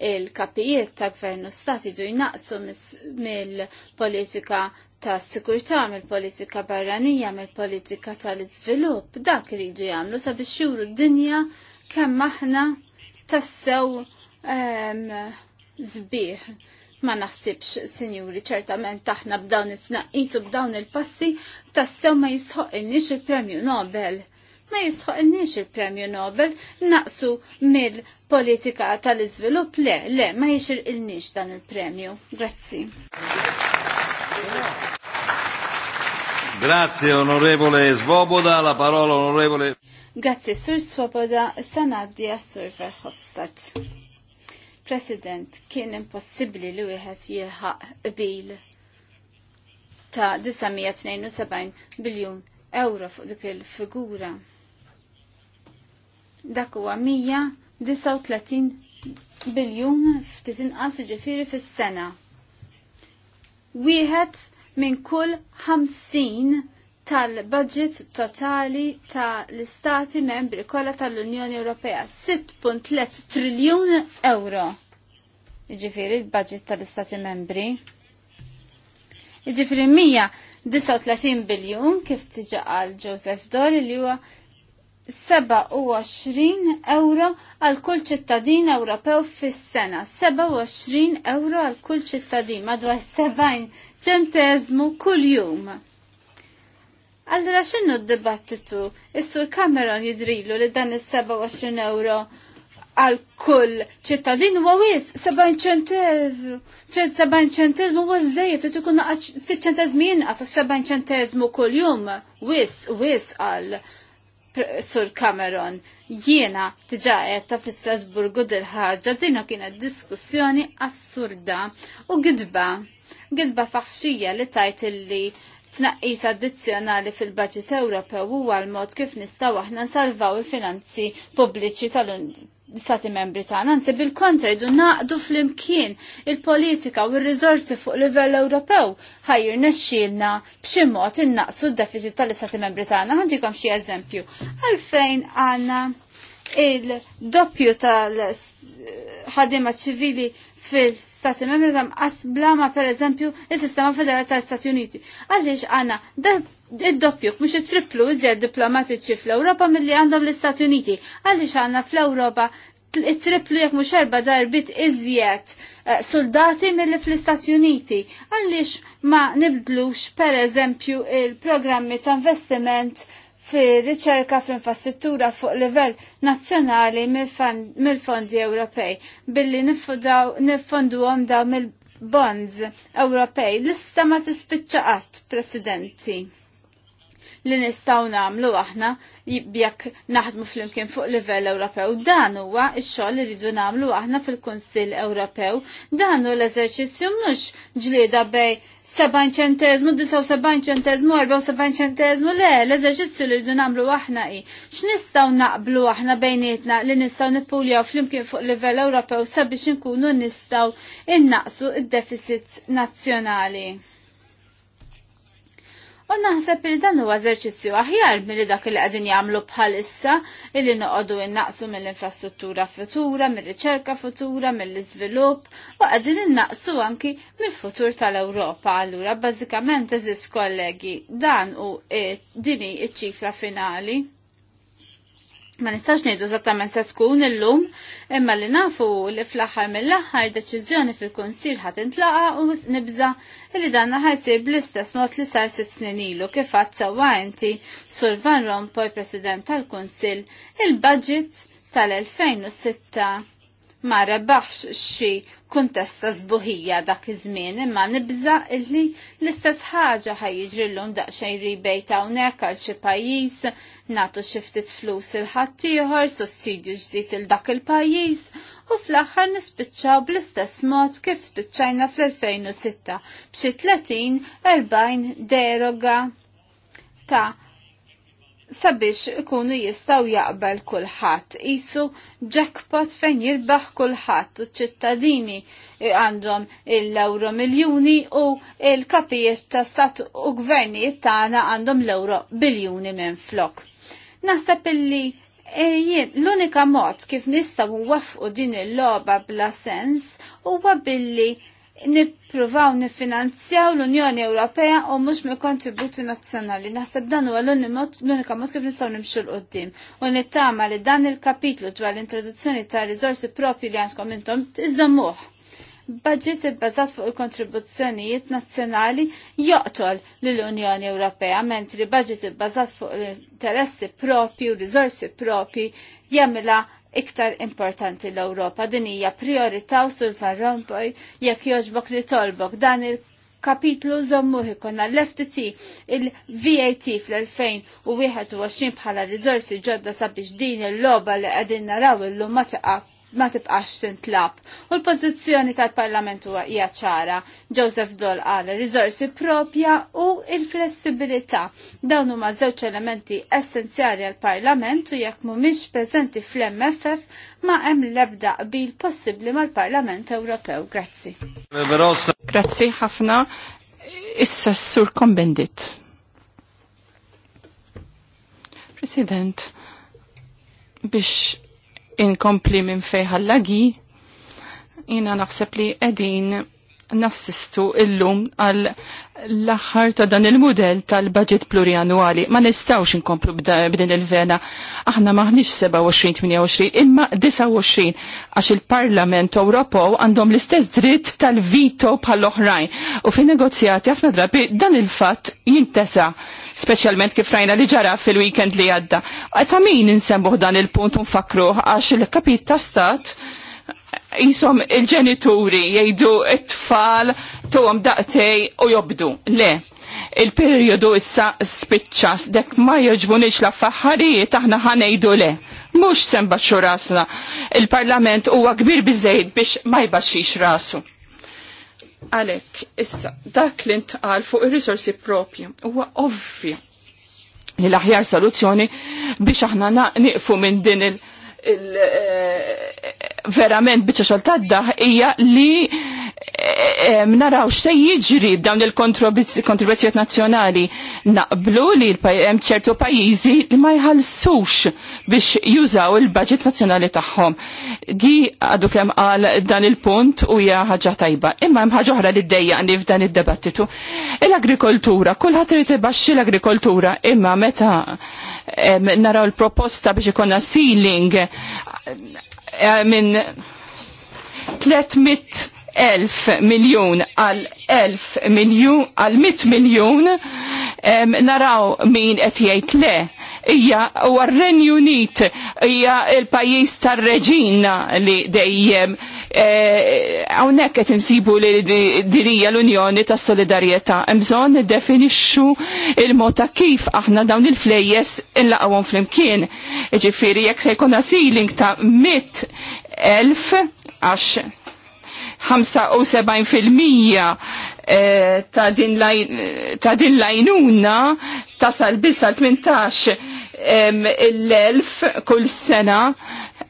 il-kapijiet ta' gvernu stat du jnaqsu mill-politika ta' sikurtà mill-politika barranija, mill-politika tal-iżvilupp, dak iridu jagħmlu sabiex juru d-dinja kemm aħna tassew żbieħ. Ehm, ma naħsibx, sinjuri, ċertament taħna b'dawn it-tnaqqisu b'dawn il-passi, tassew ma jisħoq il-nix il-premju Nobel. Ma jisħoq il-nix il-premju Nobel, naqsu mill-politika tal-izvilup, le, le, ma jixir il-nix dan il-premju. Grazzi. Grazie onorevole Svoboda, la parola onorevole. Grazie Sur Svoboda, Sanadia Sur Verhofstadt. President, kien impossibbli li wieħed jilħaq qbil ta' 972 biljun euro fuq dik il-figura. Dak huwa 139 biljun ftit inqas ġifieri fis-sena. Wieħed minn kull 50 tal-budget totali tal-istati membri kollha tal-Unjoni Ewropea 6.3 triljun euro. Jiġifieri il-budget tal-istati membri. Jiġifieri 139 biljun kif tiġa għal Joseph Doll li huwa 27 euro għal kull ċittadin Ewropew fis-sena. 27 euro għal kull ċittadin madwar 70 ċentezmu kull jum. Allora x'inhu d-dibattitu? Is-Sur Cameron jidrilu li dan is-27 euro għal kull ċittadin huwa wis 70 ċentezmu. 70 ċentezmu huwa żejjed qed ikun ftit ċentezmi jinqas 70 ċentezmu kuljum. Wis, wis għal Sur Cameron, jiena tiġa qed fi Strasburgu dil ħaġa dinha kienet diskussjoni assurda u gidba. Gidba faħxija li tajt illi tnaqqis addizzjonali fil-budget Ewropew huwa l-mod kif nistgħu aħna nsalvaw il-finanzi pubbliċi tal-Stati membri tagħna, anzi bil-kontra jdu naqdu fl-imkien il-politika u r rizorsi fuq livell Ewropew ħajjir nesċilna b'xi mod innaqsu d-deficit tal-Istati membri tagħna. Għandikom xi eżempju. Għalfejn għandna il-doppju tal-ħadima ċivili fil-Stati Membri tam qasbla ma per eżempju il-Sistema Federali ta' Stati Uniti. Għaliex għana id-doppju, mux triplu iżjed diplomatiċi fl-Europa mill-li għandhom l-Stati Uniti. Għaliex għanna fl-Europa it-triplu jek mux erba darbit iżjed eh, soldati mill-li fl-Istati Uniti. Għaliex ma nibdlux per eżempju il-programmi ta' investiment fi riċerka fl-infrastruttura fuq livell nazzjonali mill-fondi Ewropej billi nifondu għom daw mill-bonds Ewropej. Lista ma tispiċċa qatt, Presidenti li nistaw namlu aħna jekk naħdmu flimkien fuq livell Ewropew. Dan huwa x-xogħol li rridu namlu aħna fil-Kunsill Ewropew. Dan hu l-eżerċizzju mhux ġlieda bej 70 ċentezmu, 79 ċentezmu, 74 ċentezmu, le, l-eżerċizzju li rridu nagħmlu aħna i. X'nistgħu naqblu aħna bejnietna li nistgħu nippuljaw flimkien fuq livell Ewropew sabiex inkunu nistgħu innaqsu id-deficits nazzjonali. U naħseb li dan huwa eżerċizzju aħjar milli dak li qegħdin jagħmlu bħalissa illi noqogħdu innaqsu mill-infrastruttura futura, mir-riċerka futura, mill-iżvilupp u qegħdin innaqsu anki mill-futur tal-Ewropa. Allura bażikament eżis kollegi dan u eh, dini iċ-ċifra finali. Ma nistax ngħidu eżattament se tkun illum, imma li nafu li fl-aħħar mill-aħħar deċiżjoni fil-Kunsil ħadd intlaqa u nibża li danna ħajsir bl-istess mod li sar sitt snin ilu kif qatt sewwa inti Sur Van Rompuy President tal-Kunsil il-budget tal-2006 ma rebaħx xi kuntesta zbuħija dak iż-żmien imma nibża illi l-istess ħaġa ħajjiġrillhom daqsxejn rebate hawnhekk għal xi pajjiż nagħtu xi ftit flus il ħadd ieħor sussidju ġdid il dak il-pajjiż u fl-aħħar nispiċċaw bl-istess mod kif spiċċajna fl-2006 b'xi 30 40 deroga ta' sabiex ikunu jistaw jaqbel kulħadd. Isu jackpot fejn jirbaħ kulħadd u ċittadini għandhom l-euro miljuni u l-kapijiet ta' stat u gvernijiet tagħna għandhom l-euro biljuni minn flok. Naħseb illi e, l-unika mod kif nistgħu waffqu din il-logħba bla sens huwa billi nippruvaw nifinanzjaw l-Unjoni Ewropea u mhux mill-kontributi nazzjonali. Naħseb dan huwa l-unika mod kif nistgħu nimxu l-qoddim. U nittama li dan il-kapitlu dwar l-introduzzjoni ta' riżorsi propri li għandkom intom iżommuh. Budget ibbażat fuq il-kontribuzzjonijiet nazzjonali joqtol lill-Unjoni Ewropea, mentri budget ibbażat fuq l-interessi propi u rizorsi propi jagħmilha iktar importanti l-Ewropa. Din hija priorità u sul Farrompoj jekk joġbok li tolbok dan il kapitlu zommuħ ikonna l-FTT il-VAT fl-2021 bħala rizorsi ġodda sabiex din il-loba li għedin naraw il lumma ma ma tibqax tintlab. U l-pozizjoni tal-Parlament huwa hija ċara. Joseph Dol għal riżorsi propja u il-flessibilità. Dawn huma żewġ elementi essenzjali għal parlament u jekk mhumiex preżenti fl-MFF ma hemm l-ebda qbil possibbli mal-Parlament Ewropew. Grazzi. Grazzi ħafna. Issa s-sur kombendit. President, biex inkompli minn fejħallagi, jina naħseb li edin nassistu illum għal l-aħħar ta' dan il-modell tal-budget pluriannuali. Ma nistawx inkomplu b'din il-vena. Aħna maħniġ 27-28 imma 29 għax il-Parlament Ewropew għandhom l-istess dritt tal-vito bħall-oħrajn. U fi negozjati għafna drabi dan il-fatt jintesa, specialment kif rajna li ġara fil-weekend li għadda. Għazamin min insemmuħ dan il-punt unfakruħ għax il-kapit ta' stat jisom il-ġenituri jgħidu it-tfal tuħom daqtej u jobdu. Le, il-periodu issa spiċċa, dek ma nix la faħħarijiet aħna ħanejdu le. Mux semba rasna. Il-parlament huwa kbir bizzejt biex ma jbaxxix rasu. Għalek, issa, dak li ntqal fuq il-risorsi propju huwa ovvju li l-aħjar soluzzjoni biex aħna niqfu minn din il- Eh, verament biċa xoltadda taddaħ hija li eh, naraw x'se jiġri b'dawn il kontribuzzjot nazzjonali naqblu li hemm ċertu pajjiżi li ma jħallsux biex jużaw il-budget nazzjonali tagħhom. Di għadu kemm qal dan il-punt u hija ħaġa tajba. Imma hemm ħaġa oħra li ddejjaqni f'dan id-debattitu. L-agrikoltura, kulħadd irid ibaxxi l-agrikoltura, imma meta naraw il-proposta biex ikonna ceiling Eh, minn 300 elf miljon għal elf miljon għal 100 miljon naraw min qed jgħid le hija u renju Unit hija l-pajjiż tar-reġina li dejjem hawnhekk e, qed insibu li dirija l-Unjoni tas-Solidarjetà. Hemm bżonn il mota kif aħna dawn il-flejjes inlaqgħuhom flimkien. Ġifieri jekk se jkun ceiling ta' mit elf għax 75% eh, ta' din lajnuna tasal bissa 18 l-elf kull sena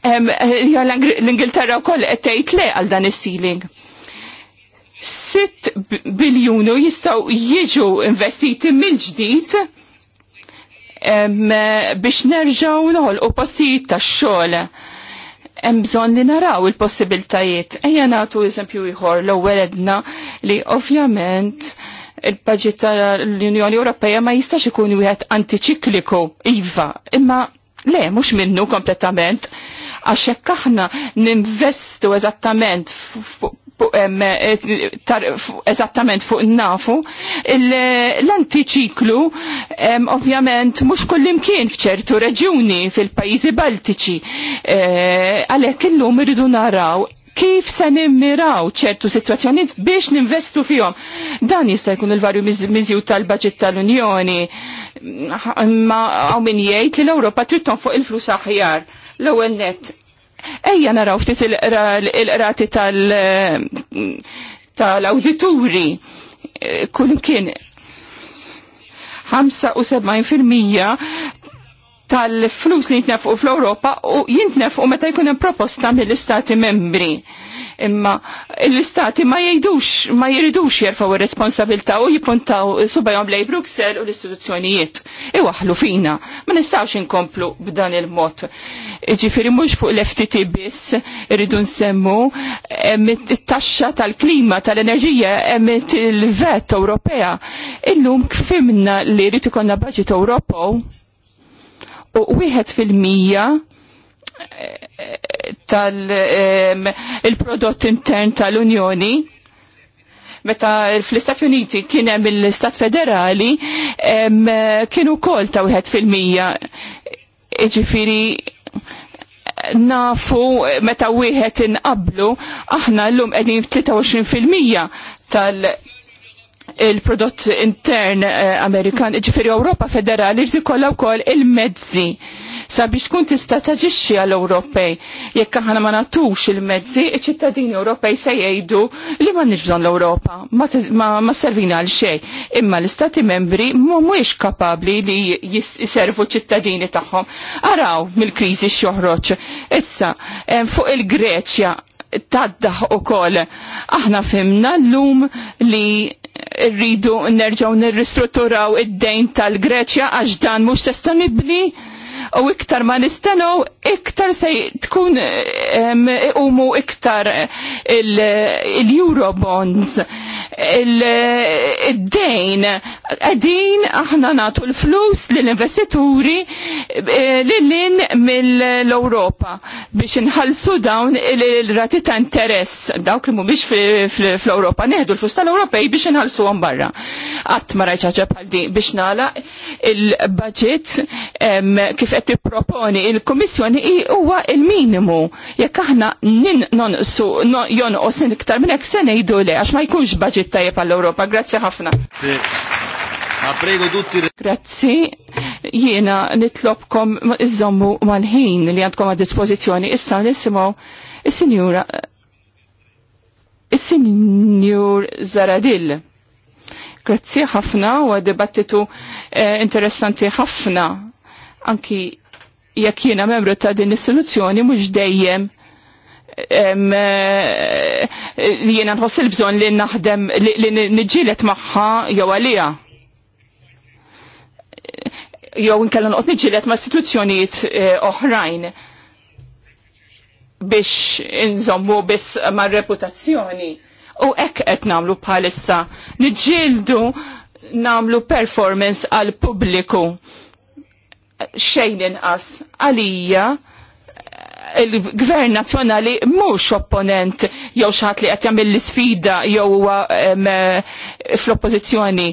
l-Ingilterra u koll ettejt le għal dan is-sealing. 6 biljunu jistaw jiġu investiti mill-ġdid biex nerġaw l-ħol u postijiet ta' xogħol hemm bżonn li naraw il-possibiltajiet. Ejja nagħtu eżempju ieħor l-ewwel edna li ovvjament il-budget tal-Unjoni Ewropea ma jistax ikun wieħed antiċikliku iva, imma le mhux minnu kompletament għax hekk aħna ninvestu eżattament eżattament fuq nafu, l-antiċiklu ovvjament mux kullimkien fċertu reġuni fil-pajizi baltiċi. E, Għalek illum irridu naraw kif se nimmiraw ċertu situazzjoni biex ninvestu fihom. Dan jista' jkun il-varju miżju tal-baġit tal-Unjoni. Ma hawn min jgħid li l-Ewropa trid fuq il-flus aħjar. L-ewwel net Ejja naraw ftit il-qrati tal-awdituri eh, kullimkien 75% tal-flus li jintnefqu fl-Europa u jintnefqu meta jkun hemm proposta mill-Istati membri imma l-istati ma jgħidux, ma jiridux jirfaw ir-responsabilta u jipuntaw subajom lej Bruxelles u l-istituzzjonijiet. Iwaħlu fina, ma nistawx inkomplu b'dan il-mod. Ġifiri mux fuq l-FTT biss irridu nsemmu it-taxxa tal-klima, tal-enerġija, emmet il-vet Ewropea. Illum kfimna li rritikonna budget Ewropew u wieħed fil-mija tal-prodott eh, intern tal-Unjoni meta fl-Istati Uniti kien hemm l-Istat Federali kienu kol ta' wieħed fil-mija. iġifieri nafu meta wieħed inqablu aħna llum qegħdin f'23 fil-mija tal- il-prodott intern eh, Amerikan, ġifiri Ewropa federali rrid ikollha wkoll il-mezzi sabiex tkun tista' taġixxi għall Ewropej. Jekk aħna ma nagħtux il-mezzi, iċ-ċittadini Ewropej se jgħidu li m'għandniex bżonn l-Ewropa, ma servina għal xejn. Imma l-Istati membri mhumiex kapabbli li jiservu ċittadini tagħhom. Araw mill-kriżi x'joħroġ. Issa, eh, fuq il-Greċja taddaħ u kol. Aħna fimna l-lum li rridu nerġaw nirristrutturaw id-dejn tal-Greċja għax dan mhux sostenibbli? u iktar ma nistennew iktar se tkun iqumu iktar il-Eurobonds il-dejn għedin aħna natu l-flus l-investituri eh, l-lin mill-Europa biex nħalsu dawn il-rati ta' interess dawk li biex fl-Europa neħdu l-flus tal-Europej biex nħalsu għan barra għatma rajċaċa bħal din biex nala il-budget kif qed tipproponi il-Kummissjoni huwa il-minimu. Jekk aħna nin jonqos iktar minn hekk se ngħidu le għax ma jkunx baġit tajjeb għall-Ewropa. Grazzi ħafna. Grazzi. Jiena nitlobkom iżommu mal-ħin li għandkom għad dispożizzjoni issa nisimgħu is-Sinjura is-Sinjur Zaradil. Grazzi ħafna u dibattitu eh, interessanti ħafna anki jekk jiena membru ta' din istituzzjoni mhux dejjem eh, li jiena nħoss il-bżonn li naħdem li niġġielet magħha jew għalija. Jew inkella noqgħod niġġielet ma' istituzzjonijiet eh, oħrajn biex inżommu biss ma' reputazzjoni. U ek qed namlu bħalissa. Niġġieldu namlu performance għal pubbliku xejn inqas għalija il-gvern nazzjonali mhux opponent jew xi ħadd li qed jagħmel l-isfida jew huwa fl-oppożizzjoni.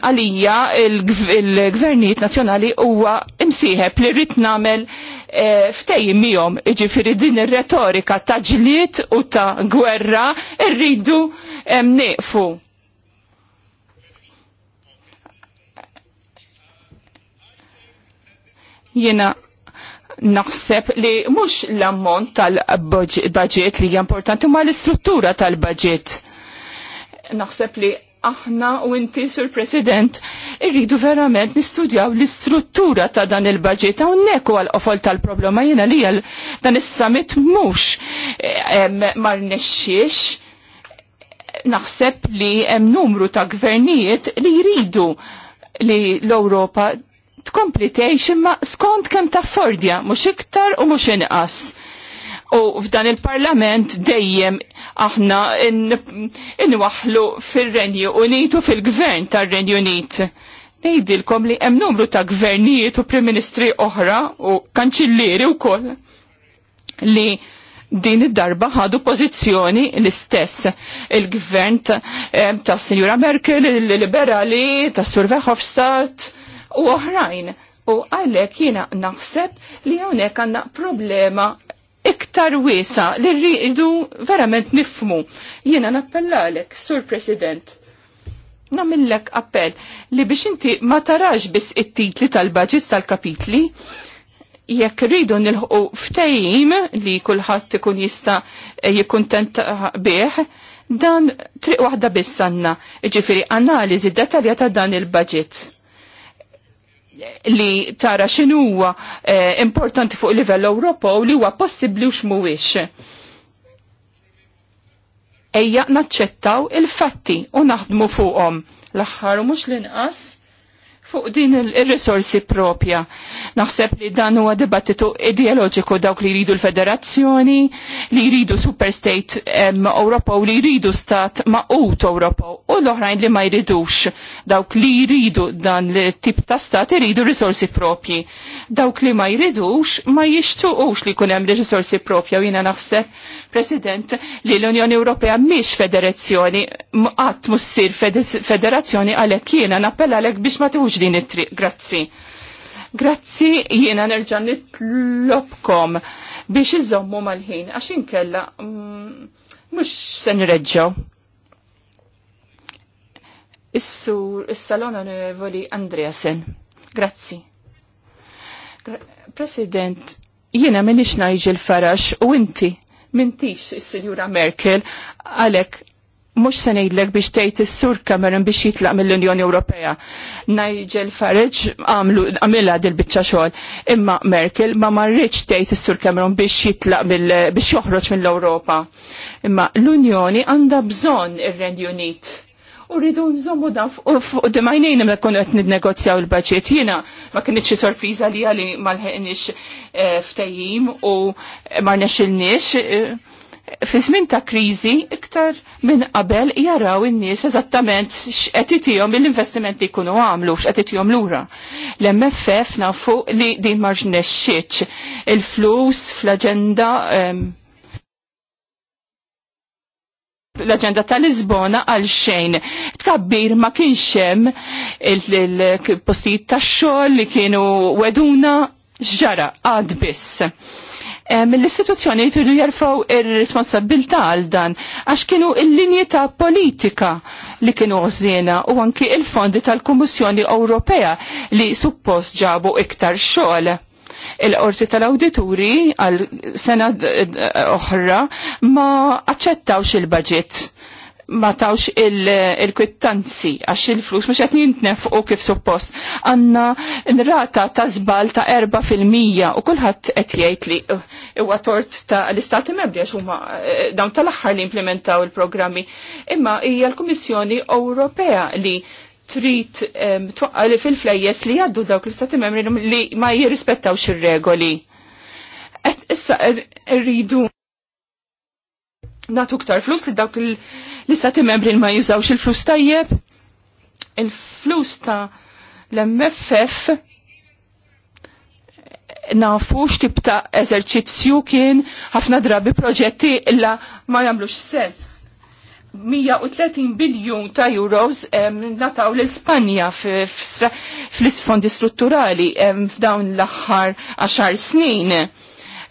Għalija il-gvernijiet nazzjonali huwa imsieħeb li rrid nagħmel eh, ftejjim miegħhom, jiġifieri din ir-retorika ta' ġlied u ta' gwerra rridu nieqfu Jena naħseb li mhux l-ammont tal-budget li hija importanti ma l-istruttura tal-budget. Naħseb li aħna u inti sur President irridu verament nistudjaw l-istruttura ta' dan il-budget ta' unneku għal-qofol tal-problema jena li għal dan is-summit mux mar nexxiex naħseb li hemm numru ta' gvernijiet li jridu li l ewropa tkompli tgħix imma skont kemm Fordja mhux iktar u mhux inqas. U f'dan il-parlament dejjem aħna inwaħlu fil-Renju Unit u fil-gvern tar-Renju Unit. Nejdilkom li hemm numru ta' gvernijiet u prim ministri oħra u kanċillieri wkoll li din id-darba ħadu pożizzjoni l-istess. Il-gvern ta' eh, Sinjura Merkel, il-liberali, ta' Sur Verhofstadt, u oħrajn. U għalek jiena naħseb li hawnhekk għandna problema iktar wiesa li rridu verament nifmu. Jiena nappellalek, Sur President, namillek appell li biex inti ma tarax biss it-titli tal-budgets tal-kapitli, jekk rridu nilħu ftejim li kulħadd ikun jista jikuntent bih, dan triq waħda biss sanna ġifiri analiżi dettaljata dan il-budget li tara xinuwa eh, importanti fuq livell Ewropa u li huwa possibbli u x'mhuwiex. Ejja naċċettaw il-fatti u naħdmu fuqhom. L-aħħar mhux l-inqas fuq din il-risorsi propja. Naħseb li dan huwa dibattitu ideoloġiku dawk li jridu l-federazzjoni, li jridu superstate Ewropew, li jridu stat maqut Ewropew u l-oħrajn li ma jridux dawk li jridu dan l-tip ta' stat jridu risorsi propji. Dawk li ma jridux ma jixtuqux li kunem li risorsi propja u jina naħseb, President, li l-Unjoni Ewropea miex federazzjoni, għat mussir federazzjoni għalek jiena nappella għalek biex ma tuġ din it-triq. Grazzi. Grazzi jiena nerġa' nitlobkom biex iżommu mal-ħin għax inkella mm, mhux se nreġġgħu. Is-sur is-salon onorevoli Andreasen. Grazzi. President, jiena minix najġi l-farax u inti mintix is-Sinjura Merkel għalek mux se ngħidlek biex tgħid is-Sur Kameran biex jitlaq mill-Unjoni Ewropea. Nigel Farage għamlu għamilha dil-biċċa xogħol, imma Merkel ma marriċ tgħid is-Sur Cameron biex jitlaq mill biex joħroġ mill-Ewropa. Imma l-Unjoni għandha bżonn ir-Renju Unit. U rridu nżommu dan d dimajnejn imma kunu qed nidnegozjaw il-baġġett. Jiena ma xi sorpriża li għali ma lħeqniex eh, ftejjim u ma rnexxilniex eh, fi żmien ta' kriżi iktar minn qabel jaraw in-nies eżattament x'qed itihom mill-investiment li jkunu għamlu x'qed itihom lura. L-MFF nafu li din ma rnexxietx il-flus fl-aġenda l-agenda tal-Lisbona għal xejn. Tkabbir ma kienx hemm il-postijiet tax-xogħol li kienu weduna ġara għad biss Eh, mill-istituzzjoni jtridu jerfaw ir-responsabilta għal dan, għax kienu il-linji ta' politika li kienu għżiena u anki il-fondi tal-Kommissjoni Ewropea li suppost ġabu iktar xogħol il-qorti tal-awdituri għal sena eh, oħra ma aċċettawx il-budget ma tawx il-kwittanzi il għax il-flus mux għetni u kif suppost. Għanna n-rata ta' zbal ta' 4% u kullħat qed jgħid li u uh, tort ta' l-istati membri għax huma eh, dawn tal-aħħar li implementaw il-programmi. Imma hija l-Kummissjoni Ewropea li trid twaqqali fil-flejjes li jgħaddu dawk l-istati membri li ma jirrispettawx ir-regoli. Issa er, rridu natu ktar flus li dawk il- l timembri membri ma jużawx il-flus tajjeb, il-flus ta' l-MFF nafu x'tib ta' eżerċizzju kien ħafna drabi proġetti illa ma jagħmlux sens. 130 biljun ta' euros nataw l-Ispanja fl-isfondi strutturali f'dawn l-aħħar 10 snin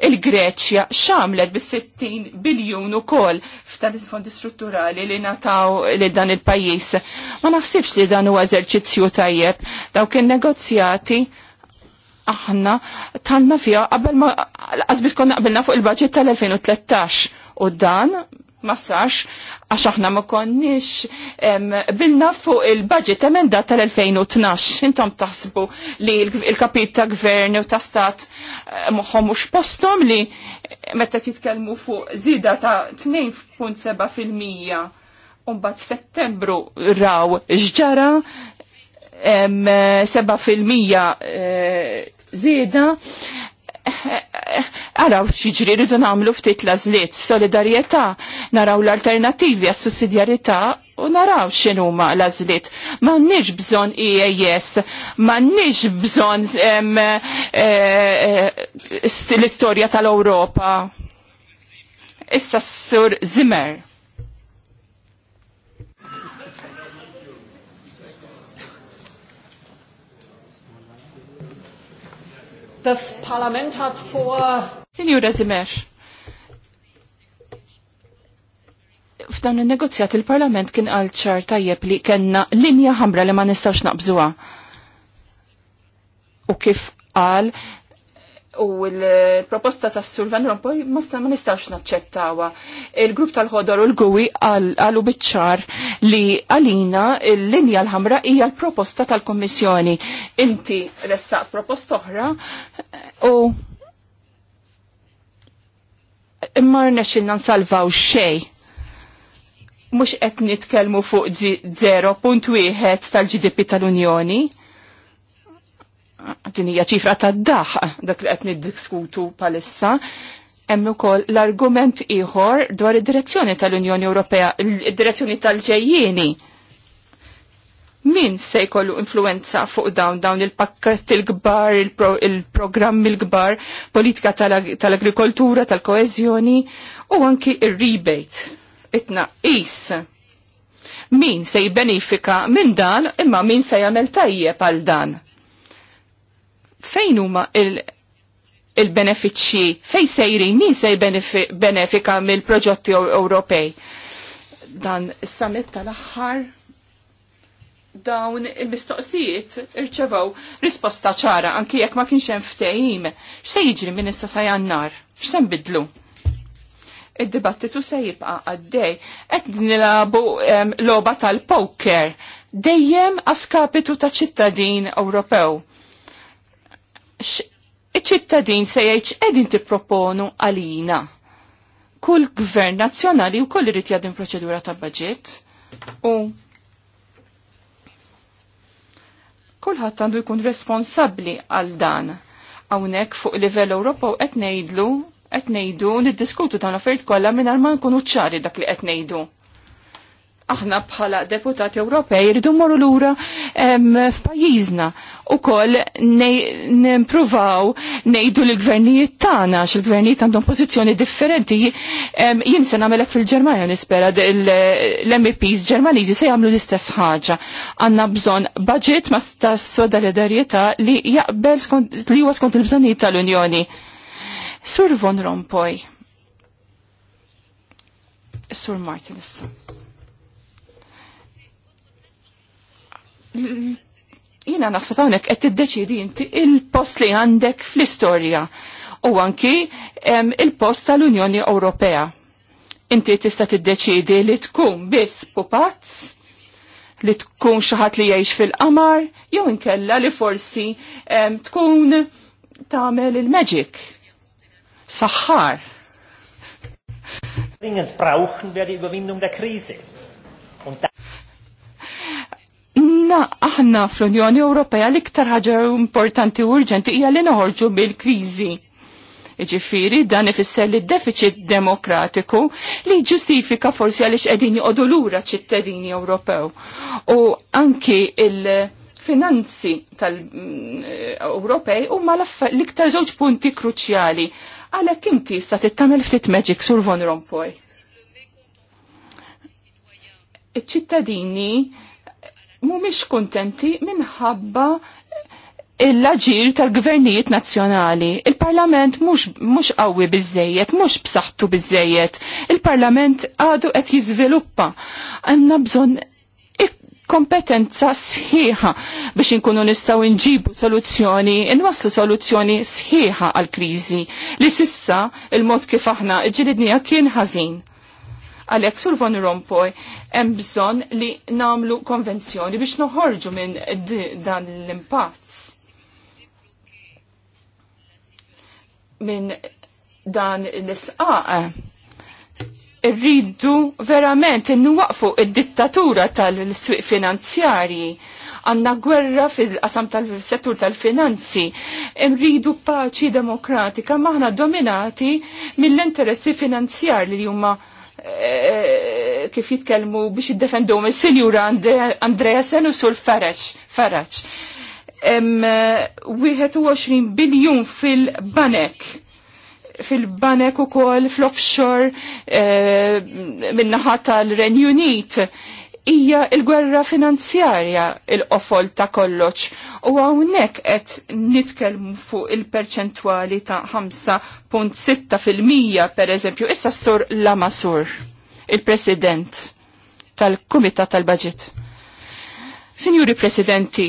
il-Greċja xamlet bi 60 biljun ukoll f'tan fondi strutturali li nataw li dan il-pajjiż. Ma naħsibx li dan huwa eżerċizzju tajjeb dawk in-negozjati aħna tanna fija qabel ma konna qabilna fuq il-budget tal-2013 u dan massax, għax aħna ma konniex bilna fuq il-budget emenda tal-2012. Intom taħsbu li il-kapit ta' gvern u ta' stat eh, moħħom mux postom li meta titkellmu fuq zida ta' 2.7% bat f'Settembru raw ġġara 7% eh, zida għaraw xieġri rridu namlu ftit lażliet, solidarjetà, naraw l-alternativi għas sussidjarjetà u naraw x'inhuma lażliet. M'għandniex bżonn EAS, m'għandniex bżonn eh, eh, l-istorja tal-Ewropa. Issa s-sur Zimmer. Das Parlament hat vor... Signor Zimmer, f'dan il-negozjat il-Parlament kien għal ċar tajjeb li kena linja ħamra li ma nistawx naqbżuha. U kif għal u l-proposta ta' Sur Van Rompuy ma nistax naċċettawa. Il-grupp tal-ħodor u l-gwi għalu bitċar li għalina l-linja l-ħamra hija l-proposta tal-Kommissjoni. Inti ressaq proposta oħra eh, u imma rnexxilna nsalvaw xej. Mux qed nitkellmu fuq 0.1 tal-GDP tal-Unjoni din hija ċifra tad-daħ dak li qed niddiskutu palissa. Hemm ukoll l-argument ieħor dwar id-direzzjoni tal-Unjoni Ewropea, id-direzzjoni tal-ġejjieni. Min se jkollu influenza fuq dawn dawn il-pakket il-kbar, il-programm il gbar kbar politika tal-agrikoltura, tal agrikoltura tal koezjoni u anki il rebate it is. Min se jibbenifika minn dan imma min se jagħmel tajjeb għal dan fejn huma il- il-benefiċċji fej sejrin min se benefika mill-proġetti Ewropej. Dan is-summit tal-aħħar dawn il-mistoqsijiet irċevew risposta ċara anki jekk ma kienx hemm ftehim. X'se jiġri minn issa sa jannar? X'se nbidlu? Id-dibattitu se jibqa' għaddej qed nilabu logħba tal-poker dejjem għaskapitu ta' ċittadin Ewropew iċ-ċittadin se jgħid qegħdin tipproponu għalina. Kull gvern nazzjonali wkoll irid jgħaddim proċedura ta' budget u kulħadd għandu jkun responsabbli għal dan. Hawnhekk fuq livell Ewropew qed ngħidlu qed ngħidu niddiskutu dan l-affarijiet kollha mingħajr ma nkunu ċari dak li qed ngħidu aħna bħala deputati Ewropej rridu morru lura f'pajjiżna u koll nimpruvaw nejdu l-gvernijiet tagħna għax il-gvernijiet għandhom pożizzjoni differenti jien se nagħmelek fil-Ġermanja nispera l-MEPs Ġermaniżi se jagħmlu l-istess ħaġa. Għandna bżonn budget ma' stas solidarjetà li jaqbel li huwa skont il-bżonnijiet tal-Unjoni. Sur Von Rompuy. Sur Martin jina naħseb hawnhekk qed tiddeċidi inti il-post li għandek fl-istorja u anki il-post tal-Unjoni Ewropea. Inti tista' tiddeċidi li tkun biss pupazz li tkun xaħat li jgħix fil-qamar, jew inkella li forsi tkun tagħmel il-magic. Saħħar. Ingen brauchen wir die da krizi. għalina aħna fl-Unjoni Ewropea l-iktar ħaġa importanti u urġenti hija li noħorġu bil-kriżi. Ġifiri dan ifisser li d-deficit demokratiku li ġustifika forsi għaliex qegħdin joqogħdu lura ċittadini Ewropew. U anki il- finanzi tal-Ewropej u ma l-iktar żewġ punti kruċjali. Għalhekk inti sta tittamel ftit Magic sur Von Rompuy. Iċ-ċittadini mhumiex kuntenti minħabba il-laġir tal-gvernijiet nazzjonali. Il-parlament mhux qawwi biżejjed, mhux b'saħħtu bizzejiet. Il-parlament għadu qed jiżviluppa. Għanna bżonn kompetenza sħiħa biex inkunu nistaw inġibu soluzzjoni, inwaslu soluzzjoni sħiħa għal kriżi li sissa il-mod kif aħna ġilidnija kien ħażin għalek sur Von Rompuy hemm bżonn li nagħmlu konvenzjoni biex noħorġu minn dan l-impazz. Minn dan l isqaq rridu verament n-waqfu id-dittatura tal-swiq finanzjari għanna gwerra fil-qasam tal-settur tal-finanzi, rridu paċi demokratika maħna dominati mill-interessi finanzjar li huma Eh, kif jitkellmu biex jiddefendu mis sinjura Andreasen u sul Farage. 21 biljun fil-banek fil-banek u kol fl-offshore eh, minnaħa tal-Renju Unit hija il-gwerra finanzjarja il-qofol ta' kollox u hawnhekk qed nitkellmu fuq il-perċentwali ta' 5.6% pereżempju issa s sur Lamasur, il-President tal-Kumitat tal-Baġit. Sinjuri Presidenti,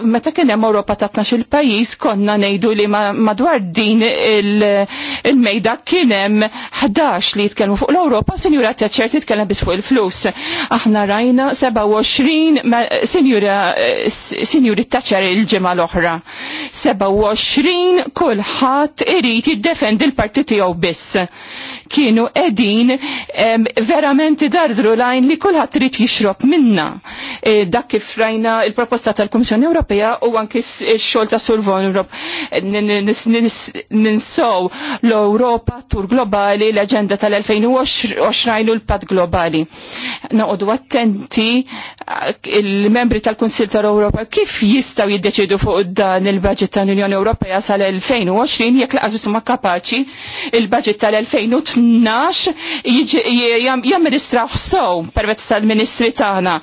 meta kien hemm Ewropa ta' il pajjiż konna ngħidu li madwar din il-mejda il kien hemm 11 li jitkellmu fuq l-Ewropa, Sinjura Teċer titkellem bis fuq il-flus. Aħna rajna 27 Sinjura Sinjuri Teċer il-ġimgħa l-oħra. 27 kulħadd irid jiddefendi l-parti tiegħu biss kienu edin verament idardru lajn li kullħat trid jixrob minna. E, dak kif rajna il-proposta tal-Kummissjoni Ewropea u anki x-xogħol ta' Survon Europ ninsow l-Ewropa tur globali l-aġenda tal-2020 u l pad globali. Noqogħdu attenti il-membri tal konsil tal europa kif jistgħu jiddeċidu fuq dan il-budget tal-Unjoni Ewropea sal-2020 jekk laqas ma kapaċi il-budget tal 2020 12 jamministra f'sow permezz tal-ministri tagħna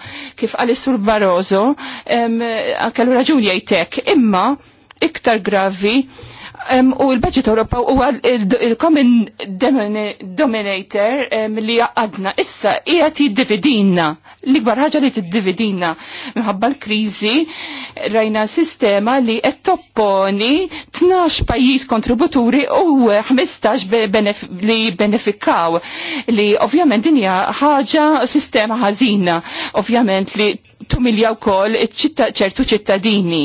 kif għal-Isur Barroso eh, kellu raġun jgħidlek imma iktar gravi U l-budget Ewropew huwa il-common dominator li għadna issa t-dividina. L-ikbar ħaġa li tiddividina minħabba l-kriżi rajna sistema li qed topponi 12 pajjiż kontributuri u 15 li benefikaw li ovvjament din hija ħaġa sistema ħażina. Ovvjament li tumilja wkoll ċertu ċittadini.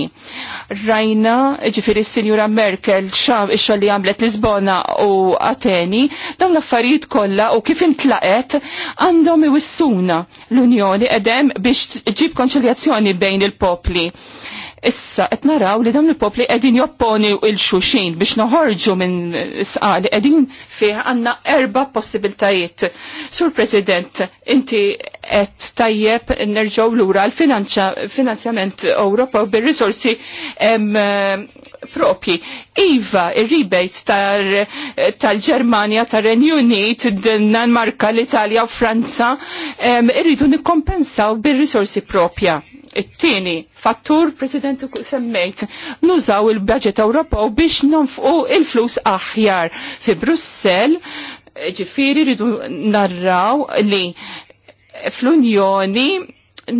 Rajna ġifiri s-Sinjura Merkel xam ix li għamlet Lisbona u Ateni, dawn l-affarijiet kollha u kif imtlaqet għandhom iwissuna l-Unjoni edem biex ġib konċiljazzjoni bejn il-popli Issa qed naraw li dawn il-popli qegħdin jopponi il xuxin biex noħorġu minn sqali qegħdin fih għandna erba' possibiltajiet. Sur President, inti qed tajjeb nerġgħu lura l-finanzjament Ewropa bir-risorsi propji. Iva, ir-rebate tal-Ġermanja, tar-Renju Unit, Danmarka, l-Italja u Franza irridu nikkompensaw bir-risorsi propja It-tieni fattur President semmejt nużaw il-budget Ewropew biex nonfqu il-flus aħjar fi Brussell ġifiri ridu narraw li fl-Unjoni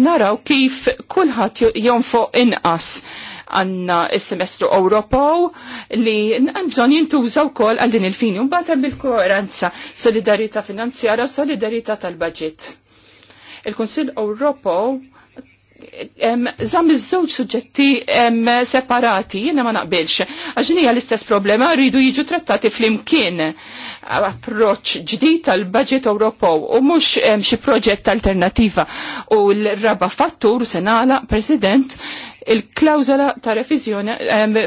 naraw kif kulħadd jonfoq inqas għanna il-semestru Ewropew li bżon jintużaw kol għal din il-fini. Mbagħad hemm il-koerenza, solidarita finanzjara, solidarita tal-budget. Il-Kunsill Ewropew Zamm iż-żewġ suġġetti separati, jiena ma naqbilx. hija l-istess problema rridu jiġu trattati fl-imkien approċ ġdid tal-budget Ewropew u mhux xi proġett alternativa. U l-raba fattur senala, President, il-klawzola ta' revizjoni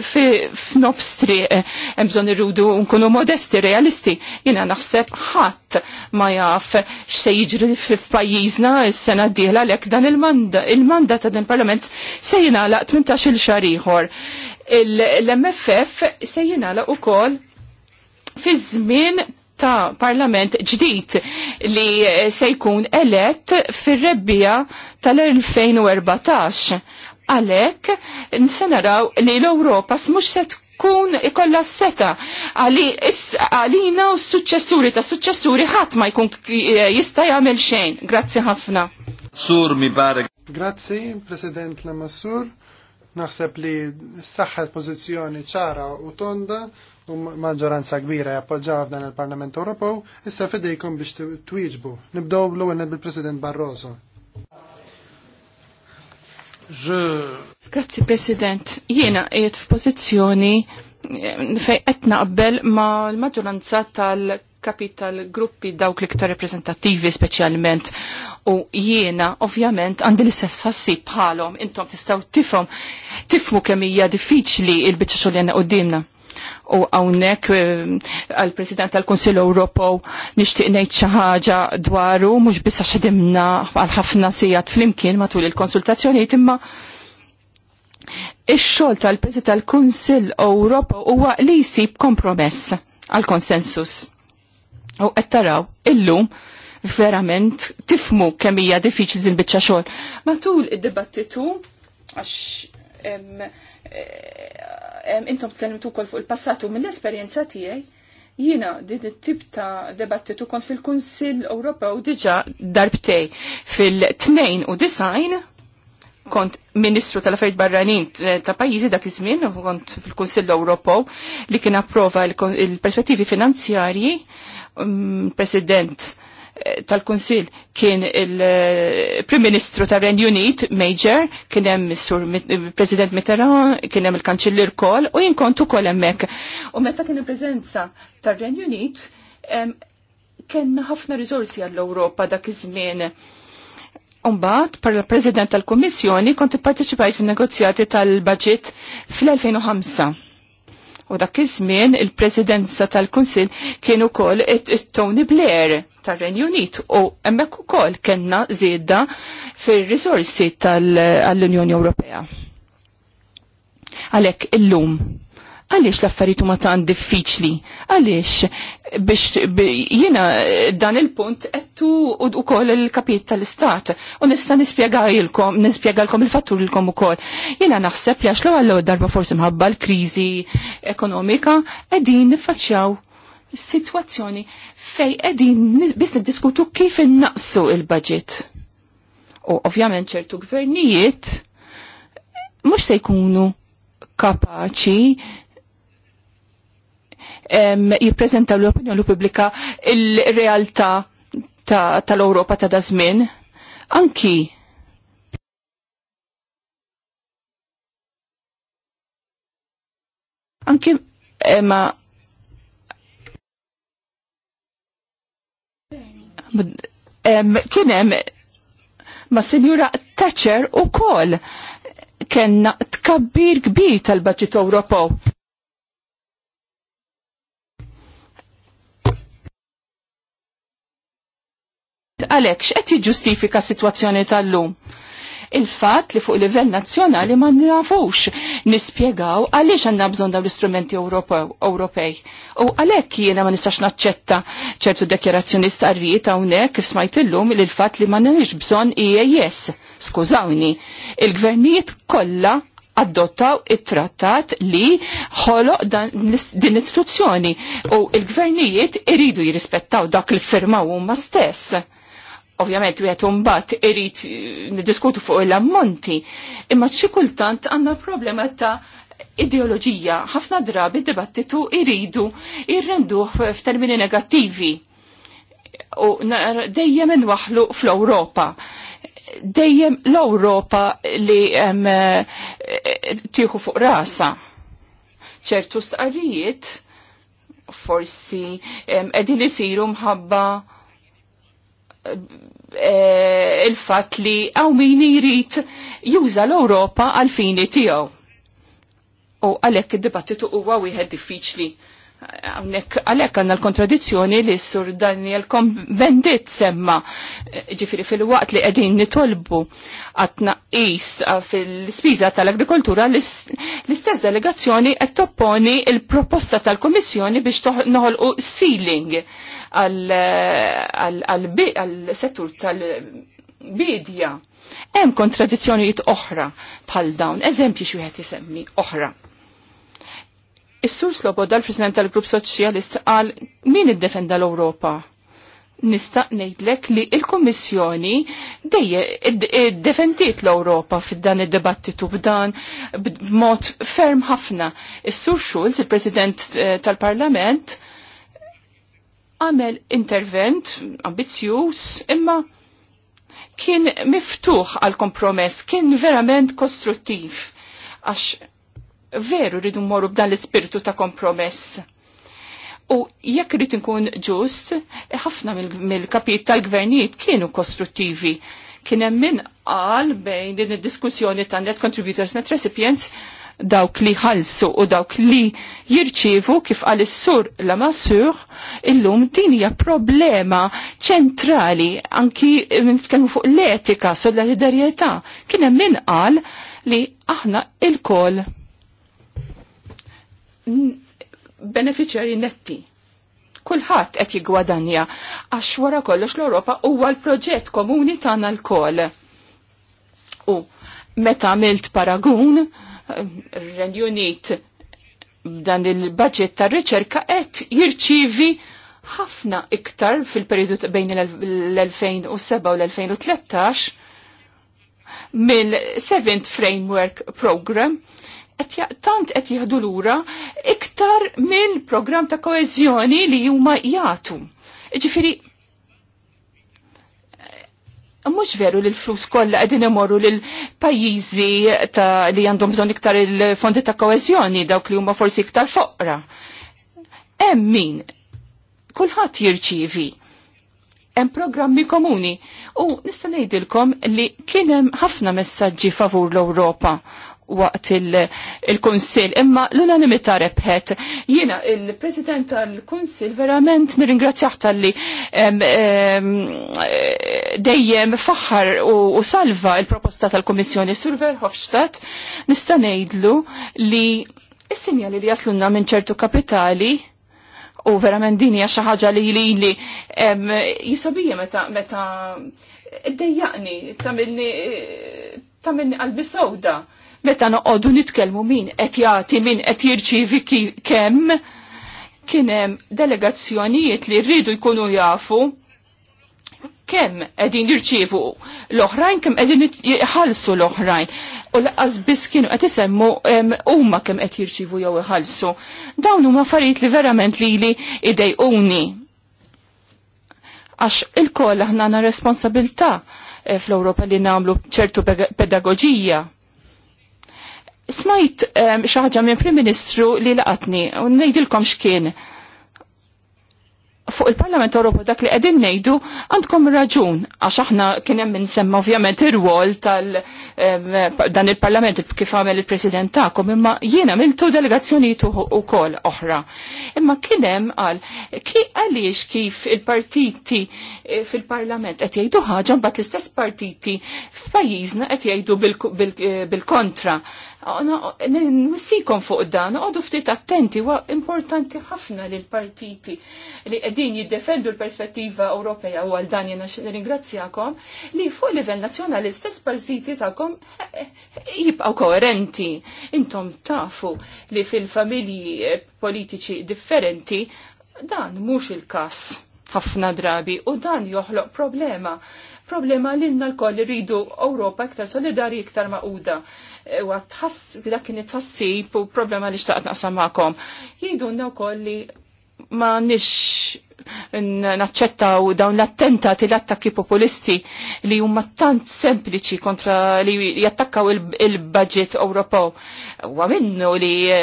f'nofs triq hemm bżonn irridu nkunu modesti, realisti. Jina naħseb ħadd ma jaf x'se jiġri f'pajjiżna s-sena d-dieħla għalhekk dan il-mandat ta' din parlament se jingħalaq 18-il xahar ieħor. L-MFF se jingħalaq ukoll fi żmien ta' parlament ġdid li eh, se jkun elett fir-rebbija tal-2014 Għalek, nsenaraw li l-Europa smux set kun ikolla seta għalina u s-successuri ta' successuri ħat ma jkun jista jagħmel xejn. Grazzi ħafna. Sur mi barek. Grazzi, President Lamassur. Naħseb li s-saxħa pożizzjoni ċara u tonda u maġġoranza kbira jappoġġaw f'dan il-Parlament Ewropew, issa fidejkom biex twieġbu. Nibdew l-ewwel bil-President Barroso. Grazie President, jiena qiegħed f'pożizzjoni eh, fejn qed naqbel ma' l-maġġoranza tal-kapital gruppi dawk l-iktar reprezentattivi speċjalment u jiena ovvjament għandi l-istess ħassib bħalhom intom tistgħu tifhom tifhmu kemm hija diffiċli l-biċċa xogħol għandna qudiemna u għawnek eh, għal-President tal-Konsil Ewropew nixtieq ngħid xi ħaġa dwaru mhux biss xedimna għal ħafna sigħat flimkien matul il-konsultazzjonijiet imma ix-xogħol tal-President tal-Kunsill Ewropew huwa li jsib kompromess għal-konsensus. U qed taraw illum verament tifmu kemm hija diffiċli din biċċa xogħol. Matul id-dibattitu għax intom tkellimtu kol fuq il-passatu mill-esperjenza tiegħi, jina din it-tip ta' debattitu kont fil-Kunsill Ewropew diġà darbtej fil-2 u design kont ministru tal-affarijiet barranin ta' pajjiżi dak iż-żmien kont fil-Kunsill Ewropew li kien approva il-perspettivi finanzjarji mm, president tal-Kunsil kien il-Prim Ministru tar renju Unit, Major, kien hemm sur President Mitterrand, kien hemm il kanċillir kol, u jien kont ukoll hemmhekk. U meta kien il-preżenza tar renju Unit kien ħafna riżorsi għall-Ewropa dak iż-żmien. Umbat, par president tal-Kommissjoni kont ipparteċipajt fin negozjati tal-budget fl-2005 U dak iż-żmien il-Presidenza tal-Kunsill kien ukoll it-Tony Blair tar-Renju Unit u hemmhekk ukoll kellna żieda fir-risorsi tal-Unjoni Ewropea. Għalhekk illum Għaliex l-affarijiet huma tant diffiċli? Għaliex biex jiena dan il-punt tu ukoll il-kapit tal-istat u nista' nispjegajilkom, nispjegalkom il-fatturilkom ukoll. Jiena naħseb li għax l darba forsi mħabba l-kriżi ekonomika qegħdin niffaċċjaw situazzjoni fej qegħdin biss niddiskutu kif innaqsu il-budget. U ovvjament ċertu gvernijiet mux se jkunu kapaċi jippreżentaw l-opinjoni pubblika il-realtà tal-Ewropa ta' dażmin. Anki anki ma kienem ma senjura Thatcher u kol kena tkabbir kbir tal-budget Ewropew. għalek x'qed jġustifika s-sitwazzjoni tal-lum? Il-fatt li fuq livell nazzjonali ma nafux nispjegaw għaliex għandna bżonn dawn l-istrumenti Ewropej. U għalhekk jiena ma nistax naċċetta ċertu dekjerazzjoni starrijiet hawnhekk kif smajt illum li l-fatt li ma nix bżonn IAS. E Skużawni, il-gvernijiet kollha adottaw it-trattat li ħoloq din istituzzjoni u il-gvernijiet iridu jirrispettaw dak il-firmaw huma stess ovvjament wieħed imbagħad irid eh, niddiskutu fuq l-ammonti, imma xi kultant għandna problema ta' ideoloġija ħafna drabi dibattitu iridu irrenduh f'termini negattivi u dejjem inwaħlu fl-Ewropa. Dejjem l-Ewropa li eh, tieħu fuq rasa. ċertu stqarrijiet forsi qegħdin isiru mħabba Eh, il-fat li għaw min jrid juża l-Ewropa għal fini tiegħu. U għalhekk id-dibattitu huwa wieħed diffiċli għalek għanna l kontradizjoni li s sur Daniel kombendit semma ġifiri fil-waqt li għedin nitolbu għatna is uh, fil-spiza tal-agrikoltura l-istess delegazzjoni għed topponi il-proposta tal-Komissjoni biex noħolqu ceiling għal-settur tal-bidja. Hemm kontradizzjonijiet oħra bħal dawn, eżempji xi wieħed isemmi oħra Is-sur Sloboda, l-President tal-Grupp Soċjalist, qal min iddefenda l-Ewropa? Nista' ngħidlek li l-Kummissjoni dejje defendiet l-Ewropa fid-dan id-dibattitu b'dan b'mod ferm ħafna. Is-sur Schulz, il-President eh, tal-Parlament, għamel intervent ambizzjuż imma kien miftuħ għal kompromess, kien verament kostruttiv għax veru rridu morru b'dan l-ispirtu ta' kompromess. U jekk rrid inkun ġust, ħafna mill-kapit mil tal-gvernijiet kienu kostruttivi. Kien hemm min qal bejn din id-diskussjoni ta' net contributors net recipients dawk li ħalsu u dawk li jirċievu kif għal is-sur la masur illum din hija problema ċentrali anki nitkellmu fuq l-etika, solidarjetà. Kien hemm min qal li aħna il-koll beneficjari netti. Kulħadd qed jiggwadanja għax wara kollox l-Ewropa huwa l-proġett komuni tagħna l-kol. U meta għamilt paragun, Renjunit dan il-budget tar riċerka qed jirċivi ħafna iktar fil-periodu bejn l-2007 u l-2013 mill-7th Framework Program tant qed jieħdu lura iktar mill-programm ta' koeżjoni li huma jagħtu. Ġifieri mhux veru li l-flus kollha qegħdin imorru lil pajjiżi ta' li għandhom bżonn iktar il-fondi ta' koeżjoni dawk li huma forsi iktar foqra. Hemm min kulħadd jirċievi hemm programmi komuni. U nista' ngħidilkom li kien hemm ħafna messaġġi favur l-Ewropa waqt il-Konsil. Imma l-unanimità rebħet. Jiena il-President tal-Konsil verament nirringrazzjaħ tal-li dejjem faħar u, u salva il-proposta tal-Komissjoni Sur Verhofstadt nista' ngħidlu li il sinjali li jaslunna minn ċertu kapitali u verament din hija xi ħaġa li li li jisobija meta meta id-dejjaqni tamilni tamilni qalbi sewda meta noqogħdu nitkellmu min qed jagħti min qed jirċievi kemm kien hemm delegazzjonijiet li rridu jkunu jafu kemm qegħdin jirċievu l-oħrajn kemm qegħdin jħallsu l-oħrajn. U laqqas biss kienu qed isemmu huma kemm qed jirċievu jew iħallsu. Dawn huma affarijiet li verament lili idejquni. Għax il-koll aħna għandna responsabilità eh, fl-Ewropa li nagħmlu ċertu pedagoġija? smajt xaħġa minn Prim Ministru li laqatni, u nejdilkom xkien. Fuq il-Parlament Ewropa dak li qegħdin ngħidu għandkom raġun għax aħna kien hemm insemma ovvjament ir wol tal dan il-Parlament kif għamel il-President tagħkom imma jiena miltu delegazzjonijiet ukoll oħra. Imma kien hemm qal ki għaliex kif il-partiti eh, fil-Parlament qed jgħidu ħaġa mbagħad l-istess partiti f'pajjiżna qed jgħidu bil-kontra. Bil bil eh, Nissikom fuq dan, għadu ftit attenti, wa importanti ħafna li l-partiti li għedin jiddefendu l-perspettiva Ewropea u għal dan jena ringrazzjakom li fuq livell nazjonali stess partiti ta'kom jibqaw koerenti. Intom tafu li fil-familji politiċi differenti dan mhux il-kas ħafna drabi u dan joħloq problema Problema li nna l-koll rridu Ewropa iktar solidari iktar maquda. E, u għatħass, dak kien tħassib u problema li xtaqt naqsam maqom. nna l wkoll li ma nix naċċettaw dawn l-attentati l-attakki populisti li huma tant sempliċi kontra li jattakkaw il-budget Ewropew. Huwa minnu li e,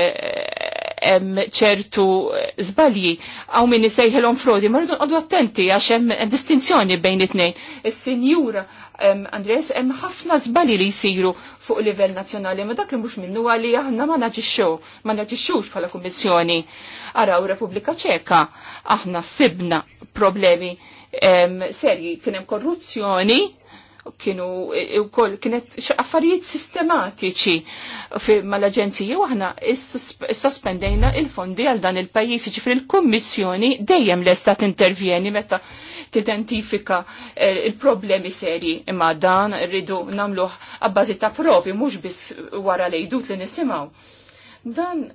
ċertu eh, zbalji għaw minni sejħelhom frodi, ma rridu għadu attenti għax hemm distinzjoni bejn it-tnejn. Is-sinjura Andres, hemm ħafna zbalji li jsiru fuq livell nazzjonali, ma dak li mhux minnu għalli aħna ma naġiċxu, ma naġixxux bħala kummissjoni. Araw Repubblika Ċeka aħna sibna problemi serji kien hemm korruzzjoni kienu e, u koll kienet affarijiet sistematiċi mal-aġenzija u aħna sospendejna il-fondi għal dan il-pajjiż ġifri l-Kummissjoni dejjem lesta intervjeni meta tidentifika e, il-problemi seri imma dan rridu nagħmluh għabbażi ta' provi mhux biss wara lejdut li nisimgħu. Dan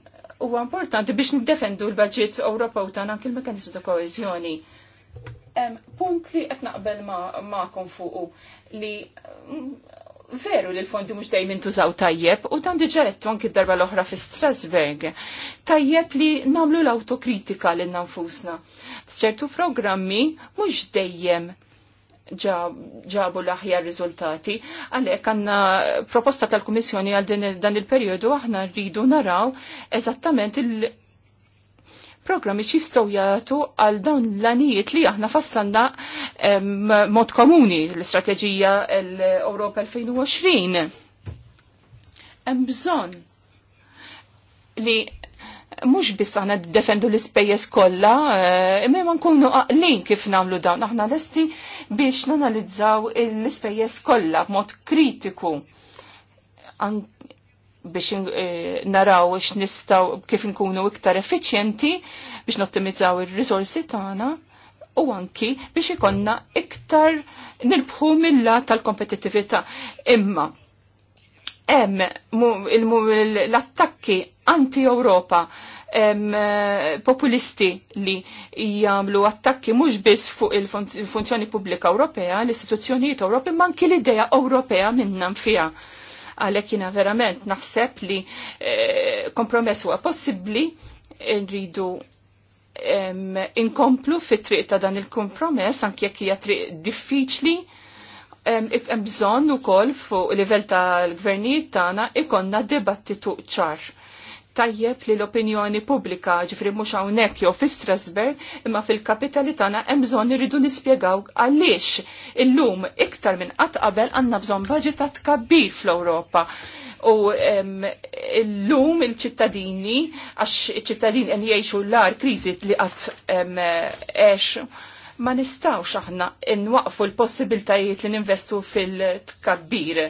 huwa importanti biex niddefendu l-budget Ewropew tagħna anki il-mekanizmu ta' koezjoni. punt li qed naqbel ma'kom ma fuqu li mm, veru li l-fondi mux dejjem tużaw tajjeb u dan diġa qed anki darba l-oħra fi Strasberg. Tajjeb li namlu l-autokritika li nanfusna. Sċertu programmi mhux dejjem ġabu l-aħjar riżultati. Għalek għanna proposta tal-Komissjoni għal dan il-periodu aħna rridu naraw eżattament il- programmi ċistow jagħtu għal dawn l-anijiet li aħna fastanda mod komuni l-istrateġija l-Europa 2020. Hemm bżonn li mhux biss aħna defendu l-ispejjeż kollha, eh, imma ma nkunu aqlin kif nagħmlu dawn aħna lesti biex nanalizzaw l-ispejjeż kollha b'mod kritiku. Ank biex eh, naraw nistaw kif inkunu iktar effiċjenti biex nottimizzaw ir-risorsi tagħna u anki biex ikonna iktar nirbħu mill-la tal-kompetittività. Imma hemm l-attakki anti-Ewropa eh, populisti li jagħmlu attakki mhux biss fuq il-funzjoni pubblika Ewropea, l-istituzzjonijiet Ewropej, ma anki l-idea Ewropea minnan fiha Għalhekk jiena verament naħseb li eh, kompromess huwa possibbli rridu eh, inkomplu fit-triq ta' dan il-kompromess anke jekk hija triq diffiċli bżonn ukoll fuq livell tal-gvernijiet tagħna ikonna dibattitu ċar tajjeb li l-opinjoni pubblika ġifri mhux hawnhekk jew fi Strasberg, imma fil-kapitali tagħna hemm bżonn nispiegaw nispjegaw għaliex illum iktar minn qatt qabel għandna bżonn baġit tkabbir fl-Ewropa. U l-lum il-ċittadini, għax il ċittadini qed jgħixu l-ar kriżi li qatt għexu, ma nistawx aħna nwaqfu l-possibiltajiet li ninvestu fil-tkabbir,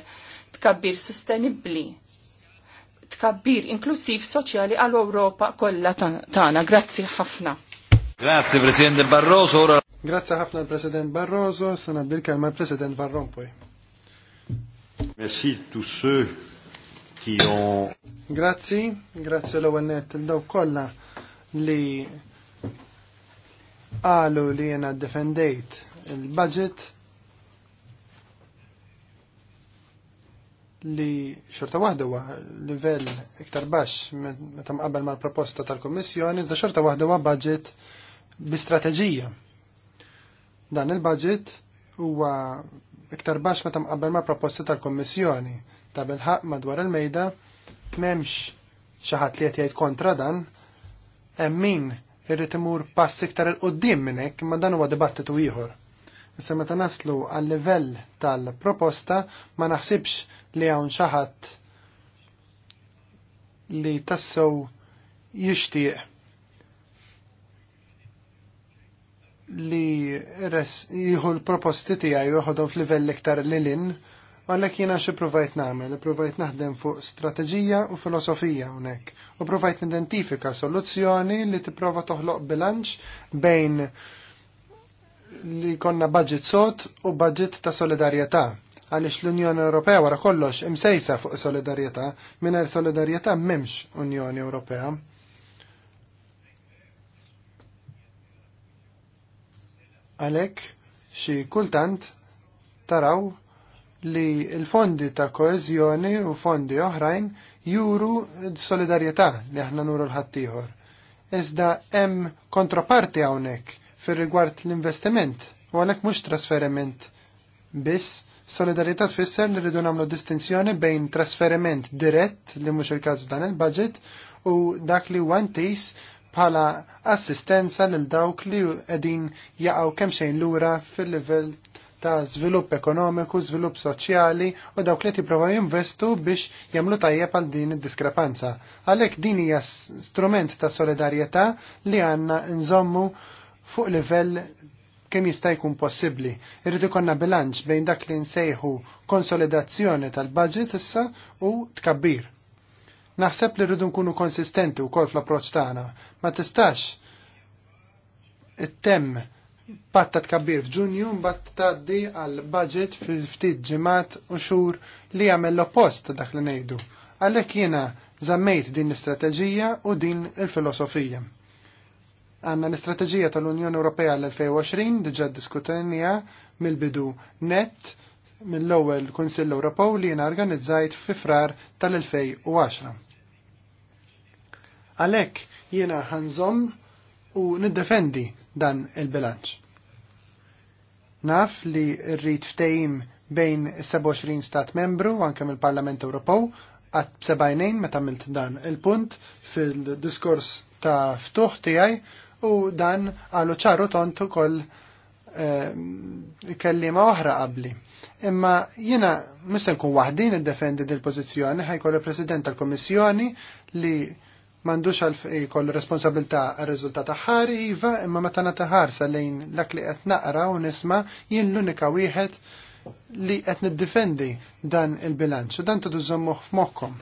tkabbir sostenibbli kabbir inklusiv soċjali għal Ewropa kollha tagħna. Grazzi ħafna. Grazzi President Barroso. Grazzi ħafna l-President Barroso, sena d mal l-President Barrompoj. Merci tous ceux qui ont... Grazzi, grazzi l-għannet l-daw kollha li għalu li jena defendejt il-budget li xorta waħda wa level iktar bax meta mqabbel mal-proposta tal-Kummissjoni, iżda xorta waħda wa budget bi strateġija. Dan il-budget huwa iktar bax meta mqabbel mal-proposta tal-Kummissjoni. Ta' bil-ħaq madwar il-mejda m'hemmx xi ħadd li qed jgħid kontra dan, hemm min irrid imur pass iktar il qudiem minn hekk, ma dan huwa dibattitu ieħor. Issa meta naslu għal livell tal-proposta ma naħsibx li hawn xi ħadd li tassew jixtieq li jieħu l-proposti tiegħi joħodhom f'livell iktar in, għalhekk jiena xe provajt nagħmel, provajt naħdem fuq strateġija u filosofija hawnhekk, u provajt nidentifika soluzzjoni li tipprova toħloq bilanċ bejn li konna budget sot u budget ta' solidarjetà għaliex l-Unjoni Ewropea wara kollox imsejsa fuq solidarjetà, mingħajr solidarjetà m'hemmx Unjoni Ewropea. Għalhekk xi kultant taraw li l-fondi ta' koeżjoni u fondi oħrajn juru solidarjetà li aħna nuru l-ħaddieħor. Iżda hemm kontraparti hawnhekk fir rigward l-investiment u għalhekk mhux trasferiment biss Solidarità tfisser li rridu nagħmlu distinzjoni bejn trasferiment dirett li mhux il-każ dan il-budget u dak li huwa ntis bħala assistenza lil dawk li qegħdin jaqgħu kemm xejn lura fil-livell ta' żvilupp ekonomiku, żvilupp soċjali u dawk li tipprova jinvestu biex jagħmlu tajjeb għal din id-diskrepanza. Għalhekk din hija strument ta' solidarjetà li għandna nżommu fuq livell kemm jista' jkun possibbli. Irrid ikollna bilanċ bejn dak li nsejħu konsolidazzjoni tal-budget issa u tkabbir. Naħseb li rridu nkunu konsistenti wkoll fl-approċċ tagħna. Ma tistax it-temm patta tkabbir f'Ġunju mbagħad tgħaddi għal budget ftit ġimgħat u xhur li jagħmel l-oppost dak li ngħidu. Għalhekk jiena żammejt din l-istrateġija u din il-filosofija. Għanna l-istrateġija tal-Unjoni Ewropea l-2020 diġa diskutenja mill-bidu net mill-ewwel Kunsill Ewropew li jiena organizzajt fi frar tal-2010. Għalhekk jiena ħanżom u niddefendi dan il-bilanċ. Naf li rrid ftehim bejn 27 stat membru anke mill-Parlament Ewropew għat bsebajnejn meta milt dan il-punt fil-diskors ta' ftuħ tiegħi u dan għalu ċaru tontu kol eh, kellima oħra qabli. Imma jina mista nkun waħdin id-defendi dil-pozizjoni il president tal-Komissjoni li mandux għal kol responsabilta għal rezultat ħari, iva, imma meta nata ħarsa lejn lak li qed naqra u nisma jien l-unika wieħed li qed niddifendi dan il-bilanċ u dan tudu żommuh f'moħħkom.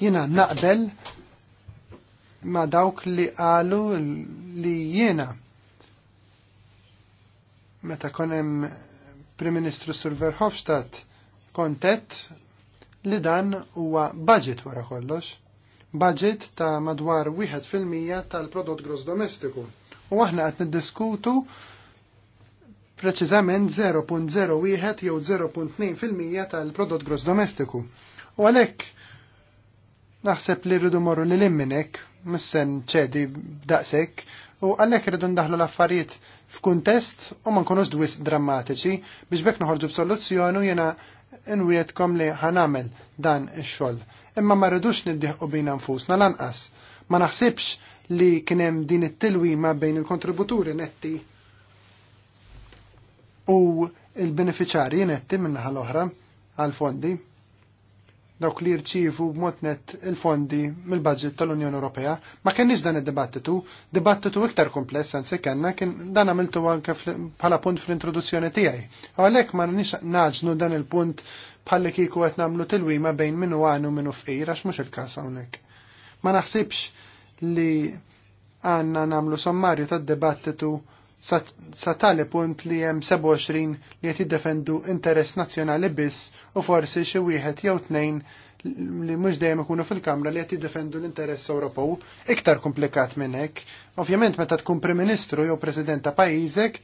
Jiena naqbel ma' dawk li qalu li jiena meta konem Prim Ministru Sur Verhofstadt kontet li dan huwa budget wara kollox. Budget ta' madwar 1% tal-prodott gross domestiku. U aħna qed niddiskutu preċiżament 0.01 jew 0.2% tal-prodott gross domestiku. U għalhekk naħseb li rridu morru li l-imminek missen ċedi b'daqsek u għallek rridu ndaħlu l-affarijiet f'kuntest u ma nkunux dwis drammatiċi biex bekk noħorġu b'soluzzjoni u jena nwietkom li ħanamel dan ix-xogħol. Imma ma rridux niddiħqu bina nfusna lanqas. Ma naħsibx li kien hemm din it-tilwima bejn il-kontributuri netti u il-beneficjari netti minnaħa l-oħra għal-fondi dawk li jirċivu b'mod net il-fondi mill-budget tal-Unjoni Ewropea. Ma kenniex dan id-dibattitu, dibattitu iktar kompless anzi kellna kien dan għamiltu anke bħala punt fl-introduzzjoni tiegħi. Għalhekk ma nix naġnu dan il-punt bħalli kieku qed nagħmlu tilwima bejn minnu u minnu fqir għax mhux il-każ hawnhekk. Ma naħsibx li għandna nagħmlu sommarju tad-dibattitu sa tali punt li hemm 27 li qed jiddefendu interess nazzjonali biss u forsi xi wieħed jew tnejn li mhux dejjem ikunu fil-Kamra li qed jiddefendu l-interess Ewropew iktar komplikat minn hekk. Ovvjament meta tkun Prim Ministru jew President ta' pajjiżek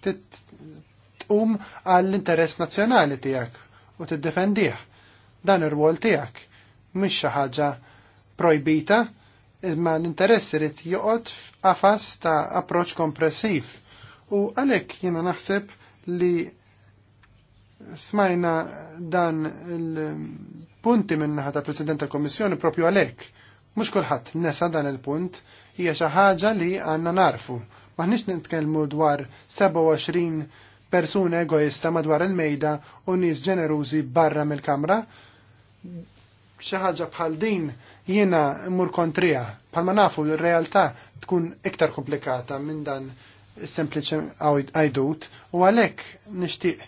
tqum għall-interess nazzjonali tiegħek u tiddefendih. Dan ir-rwol tiegħek mhix xi ħaġa projbita imma l-interess irid joqgħod f'qafas ta' approċċ kompressiv U għalhekk jiena naħseb li smajna dan il-punti minnaħa ta' President tal-Kommissjoni propju għalhekk. Mhux kulħadd nesa dan il-punt hija xi ħaġa li għandna narfu. Maħniex nitkellmu dwar 27 persuna egoista madwar il-mejda u nies ġenerużi barra mill-kamra. Xi ħaġa bħal din jiena mmur kontrija. Palma nafu l-realtà tkun iktar komplikata minn dan sempliċi għajdut u għalhekk nixtieq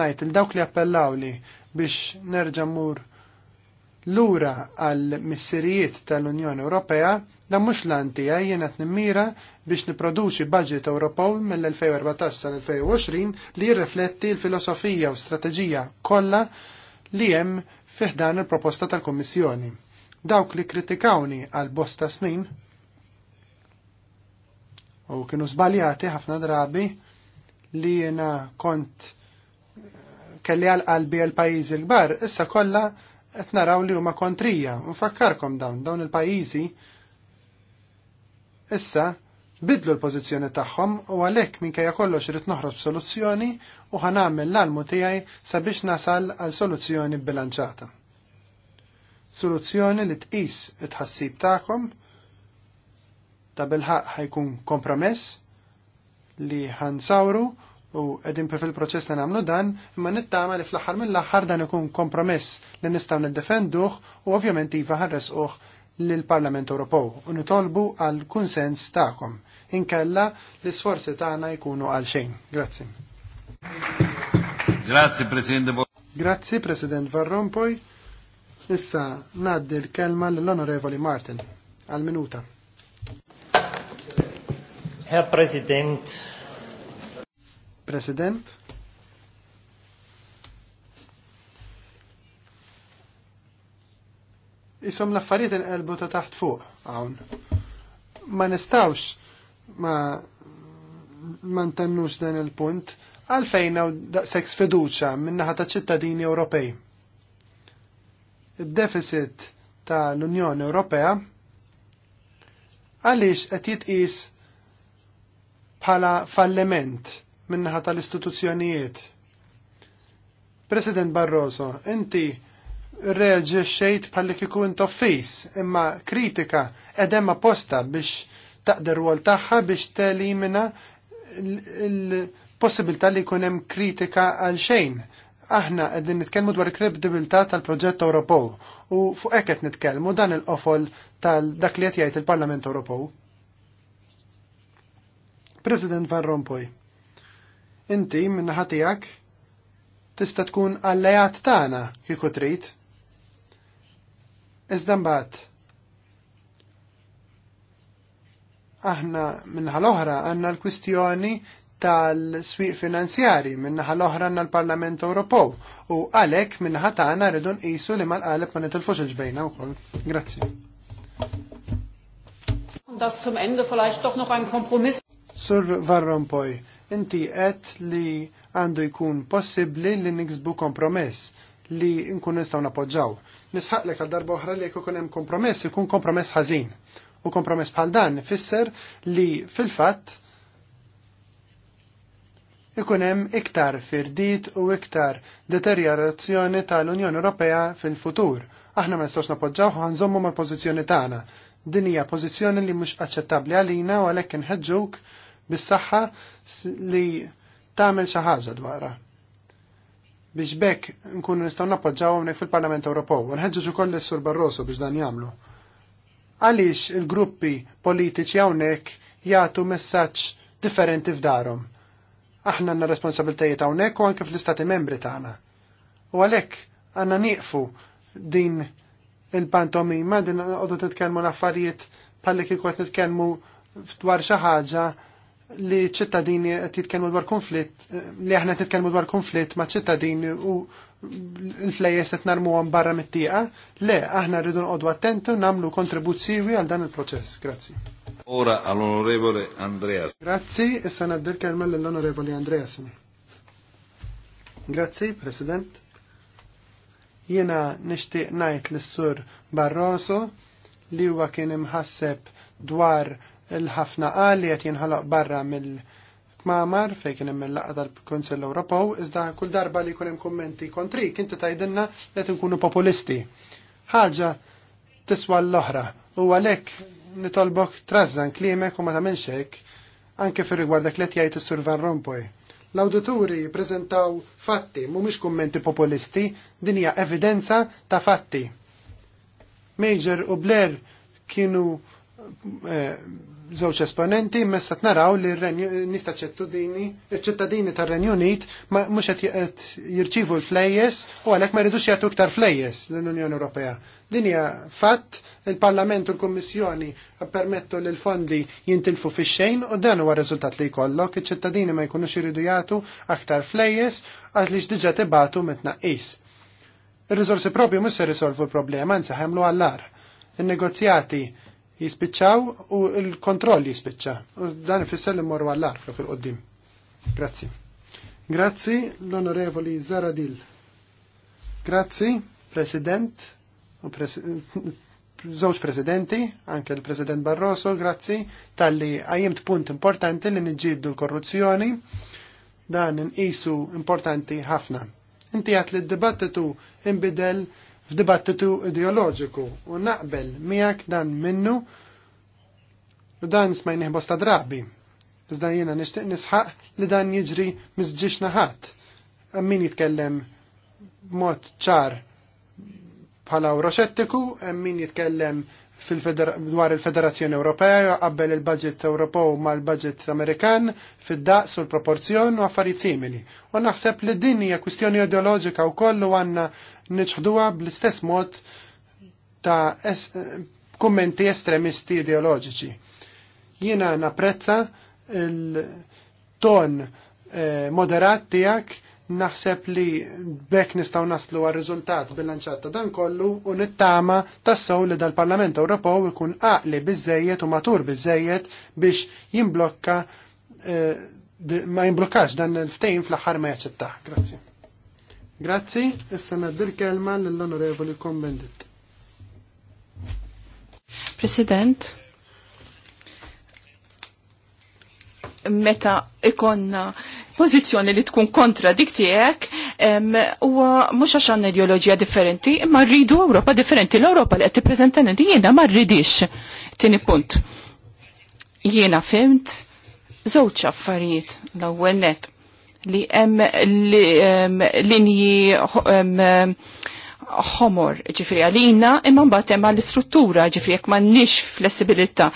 najt il dawk li appellaw li biex nerġa' mur lura għal missirijiet tal-Unjoni Ewropea dan mhux l-anti jien qed nimmira biex niproduċi budget Ewropew mill-2014 sal-2020 li jirrifletti l-filosofija u strateġija kollha li hemm fiħdan il-proposta tal-Kummissjoni. Dawk li kritikawni għal bosta snin u kienu zbaljati ħafna drabi li jena kont kelli għal qalbi għal pajizi l-gbar, issa kolla qed naraw li huma kontrija. Nfakkarkom dawn dawn il-pajjiżi issa bidlu l-pożizzjoni tagħhom u għalhekk minkejja kollox irid noħroġ soluzzjoni u ħanamel l-almu tiegħi sabiex nasal għal soluzzjoni bilanċata. Soluzzjoni li tqis it-ħassib tagħkom ta' bilħaq ħajkun kompromess li ħansawru u edin fil-proċess li namlu dan, imma nittama li fl ħar mill-axar dan ikun kompromess li nistaw niddefenduh u ovvjament iva ħarresquh lill-Parlament Ewropew u nitolbu għal kunsens tagħkom. Inkella l-isforzi tagħna jkunu għal xejn. Grazzi. Grazzi President Grazzi President Varrompoj. Issa naddi l-kelma l-Onorevoli Martin għal minuta. Herr Präsident. Präsident. Isom l-affarijiet inqelbu ta' taħt fuq hawn. Ma nistawx ma ma ntennux dan il-punt għalfejn hawn daqshekk sfiduċja min-naħa ta' ċittadini Ewropej. Id-deficit ta' l-Unjoni Ewropea għaliex qed jitqis bħala falliment minnaħa tal-istituzzjonijiet. President Barroso, inti xejt bħalli kikun toffis imma kritika edem apposta biex taqder wol taħħa biex minna il possibilta li kunem kritika għal xejn aħna għedin nitkelmu dwar kredibilità tal-proġett Ewropew u fuq hekk qed nitkellmu dan il-qofol tal-dak li qed il-Parlament Ewropew. President Van Rompuy, inti minnaħa tiegħek tista' tkun allejat tagħna kieku trid. Iżda mbagħad aħna minnaħa l-oħra għandna l-kwistjoni tal-swiq finanzjari minnaħa l-oħra għanna l-Parlament Ewropew u għalek minnaħa tagħna rridu nqisu li mal għalek ma nitilfux il-ġbejna wkoll. Grazzi. Das zum Ende vielleicht doch noch ein Kompromiss. Sur poi, inti qed li għandu jkun possibbli li niksbu kompromess li nkun nistgħu napoġġaw. Nisħaqlek għal darba oħra li jkun hemm kompromess, ikun kompromess ħażin. U kompromess bħal dan fisser li fil-fatt ikun hemm iktar firdit u iktar deteriorazzjoni tal-Unjoni Ewropea fil-futur. Aħna ma nistgħux napoġġaw ħanżommu mal-pożizzjoni tagħna Din hija pożizzjoni li mhux aċċettabbli għalina u għalhekk inħeġġuk bis-saħħa li tagħmel xi ħaġa dwarha. Biex bekk nkunu nistgħu nappoġġaw hawnhekk fil-Parlament Ewropew u nħeġġuġ ukoll is-Sur Barroso biex dan jagħmlu. Għaliex il-gruppi politiċi hawnhekk jagħtu messaġġ differenti f'darhom. Aħna għandna responsabiltajiet hawnhekk u anke fl-Istati Membri tagħna. U għalhekk għandna nieqfu din il-pantomima din għodu titkellmu l-affarijiet palli kieku t nitkellmu dwar xi ħaġa li ċittadini qed jitkellmu dwar konflitt, li aħna t dwar konflitt ma' ċittadini u l-flejjes narmu għan barra mit-tieqa. Le, aħna rridu nqogħdu attenti u nagħmlu kontribut għal dan il-proċess. Grazzi. Ora għall-Onorevole Andreas. Grazzi, issa naddi l-kelma lill-Onorevoli Andreas. Grazzi, President. Jiena nixtieq ngħid lis-sur Barroso li huwa kien imħasseb dwar il-ħafna qali qed jinħoloq barra mill-kmamar fejn kien hemm il-laqgħa tal-Kunsell Ewropew iżda kull darba li jkun hemm kummenti kien inti tgħidilna qed inkunu populisti. Ħaġa tiswa l-oħra u għalhekk nitolbok trażan kliemek u ma tagħmilx hekk anke fir rigward dak li qed jgħid is-Sur Van Rompuy L-awdituri prezentaw fatti, mumiex kummenti populisti, dinja evidenza ta' fatti. Major u Blair kienu eh, żewġ esponenti, messa naraw li nista ċettadini, ċittadini tar renju Unit mhux qed jirċivu l-flejjes u għalhekk ma jridux jagħtu iktar flejjes l-Unjoni Ewropea. Dinja fatt il-Parlament u l-Kommissjoni permettu li l-fondi jintilfu fi xejn u dan huwa riżultat li jkollok iċ-ċittadini ma jkunux iridu jagħtu aktar flejjes għaliex diġà tibatu mitnaqqis. Ir-riżorsi propri mhux se risolvu l-problema, anzi ħemlu għall-ar. In-negozjati jispiċċaw u l-kontroll jispiċċa. U dan ifisser li mmorru għall-ar fil-qoddim. Grazzi. Grazzi l-Onorevoli Zaradil. Grazzi, President żewġ presidenti, anke l-President Barroso, grazzi, tal-li għajjimt punt importanti li nġiddu l-korruzzjoni, dan nqisu importanti ħafna. Inti għat li d-dibattitu imbidel f'dibattitu ideoloġiku u naqbel miegħek dan minnu u dan smajnih bosta drabi. Iżda jiena nixtieq nisħaq li dan jiġri mizġiċna ħat. Min jitkellem mod ċar bħala euroxettiku, min jitkellem dwar il-Federazzjoni Ewropea għabbel il-budget Ewropew mal-budget Amerikan fid-daqs u l-proporzjon u affarijiet simili. U naħseb li din hija kwistjoni ideoloġika wkoll kollu għandna niċħduha bl-istess mod ta' es kummenti estremisti ideoloġiċi. Jiena napprezza il-ton eh, moderat tiegħek naħseb li bekk nistaw naslu għal riżultat bil ta' dan kollu u nittama tassaw li dal-Parlament Ewropew ikun aqli biżejjed u matur biżejjed biex jimblokka eh, ma jimblokkax dan il-ftejn fl-aħħar ma jaċċettaħ. Grazzi. Grazzi, issa naddir kelma l-Onorevoli Kombendit. President, meta ikonna pożizzjoni li tkun kontra dik tiegħek huwa mhux għax għandna ideoloġija differenti, imma rridu Ewropa differenti. L-Ewropa li qed tippreżentana jiena ma rridix. Tieni punt. Jiena fimt żewġ affarijiet l-ewwel net li hemm linji ħomor, ġifri għalina, imma mbagħad hemm l-istruttura, ġifri man m'għandniex flessibilita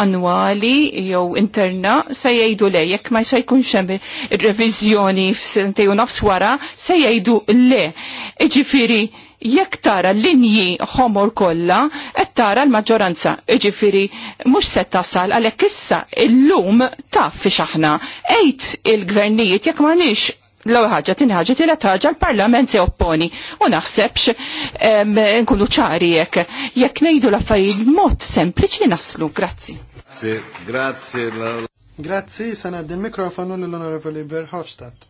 annwali jew interna se jgħidu le, jekk ma se jkunx hemm reviżjoni f'sentej u nafs wara se jgħidu le. ġifri jekk tara linji ħomor kollha qed tara l-maġġoranza. Iġifieri mhux se tasal għalhekk issa illum taf fi aħna. Ejt il-gvernijiet jekk m'għandix l-ewwel ħaġa tin ħaġa tielet l-Parlament se opponi u naħsebx nkunu ċari jek jekk ngħidu l-affarijiet mod sempliċi naslu. Grazzi. Grazzi. Grazzi, sanad il-mikrofonu l-Onorevoli Berhofstadt.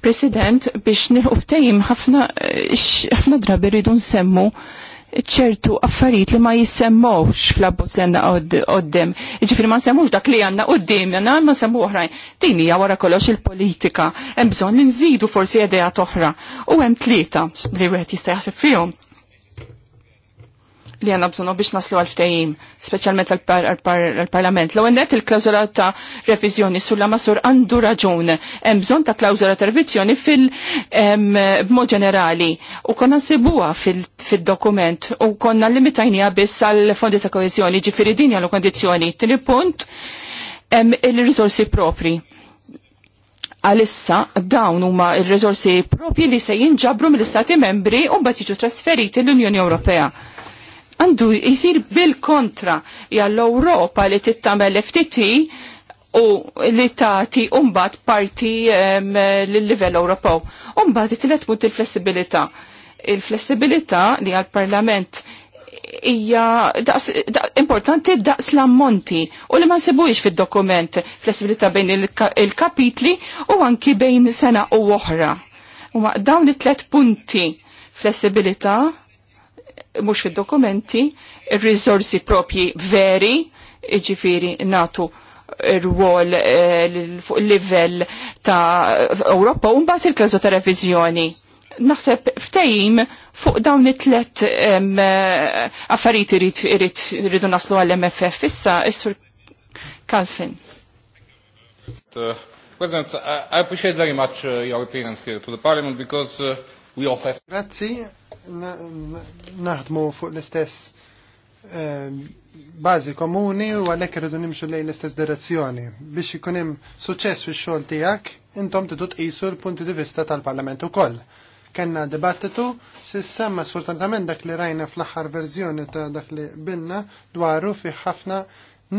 President, biex nilqu ftejim eh, ħafna drabi rridu nsemmu ċertu affarijiet li ma jissemmowx fl-abbozz li għanna għoddim. Ġifiri ma nsemmux dak li għanna għoddim, għanna ma nsemmu uħrajn. Dini għawara kollox il-politika, hemm bżon li nżidu forsi għedeja toħra. U hemm tlieta li wieħed jista' jaħseb fihom li għanna bżonu biex naslu għal-ftejim, specialment għal-parlament. Law għendet il-klawzola ta' revizjoni sulla masur għandu raġun, hemm bżon ta' klawzola ta' revizjoni fil-mod ġenerali. U konna nsibuha fil-dokument u konna limitajni biss għal-fondi ta' koezjoni, ġifiri din għal kondizjoni. Tini punt, il rizorsi propri għalissa dawn huma il rizorsi propri li se jinġabru mill-Istati membri u mbagħad jiġu trasferiti l-Unjoni Ewropea għandu jisir bil-kontra l europa li tittamel FTT u li taħti umbat parti l-livell Ewropew. Umbat it-tlet mut il-flessibilità. Il-flessibilità li għal-parlament hija importanti daqs l-ammonti u li ma nsibux fid-dokument flessibilità bejn il-kapitli u anki bejn sena u oħra. dawn it-tlet punti flessibilità mux fil-dokumenti, il-rizorsi propji veri, ġifiri natu il-wall eh, fuq il-level ta' Ewropa un mbagħad il-klażu ta' revizjoni. Naħseb ftejim fuq dawn it-tlet eh, affarijiet irid irridu naslu għall-MFF issa is-sur Kalfin. Uh, President, I appreciate very much uh, your appearance here to the Parliament because uh, We offer. Grazzi, naħdmu fuq l-istess ehm, bazi komuni u għalek rridu nimxu lej l-istess direzzjoni. Biex ikunim suċess fi xol tijak, intom t tqisu l-punti di vista tal-Parlament ukoll. Kenna dibattitu, sissa ma sfortunatament dak li rajna fl-aħħar verżjoni ta' dak li binna dwaru fi ħafna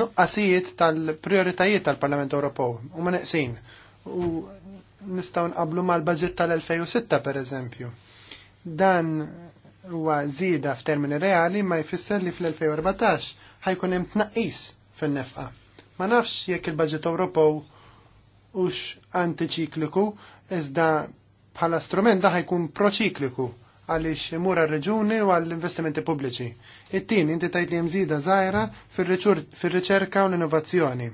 nuqqasijiet tal-prioritajiet tal-Parlament Ewropew u ma neqsin. U nistaw nqablu mal-budget tal-2006 per eżempju. Dan huwa zida f'termini reali ma jfisser li fl-2014 ħajkun hemm tnaqqis fin-nefqa. Ma nafx jekk il-budget Ewropew hux antiċikliku iżda bħala strument da ħajkun proċikliku għaliex imur għal-reġuni u għall-investimenti pubbliċi. It-tieni inti tajt li hemm żieda żgħira fir-riċerka u l-innovazzjoni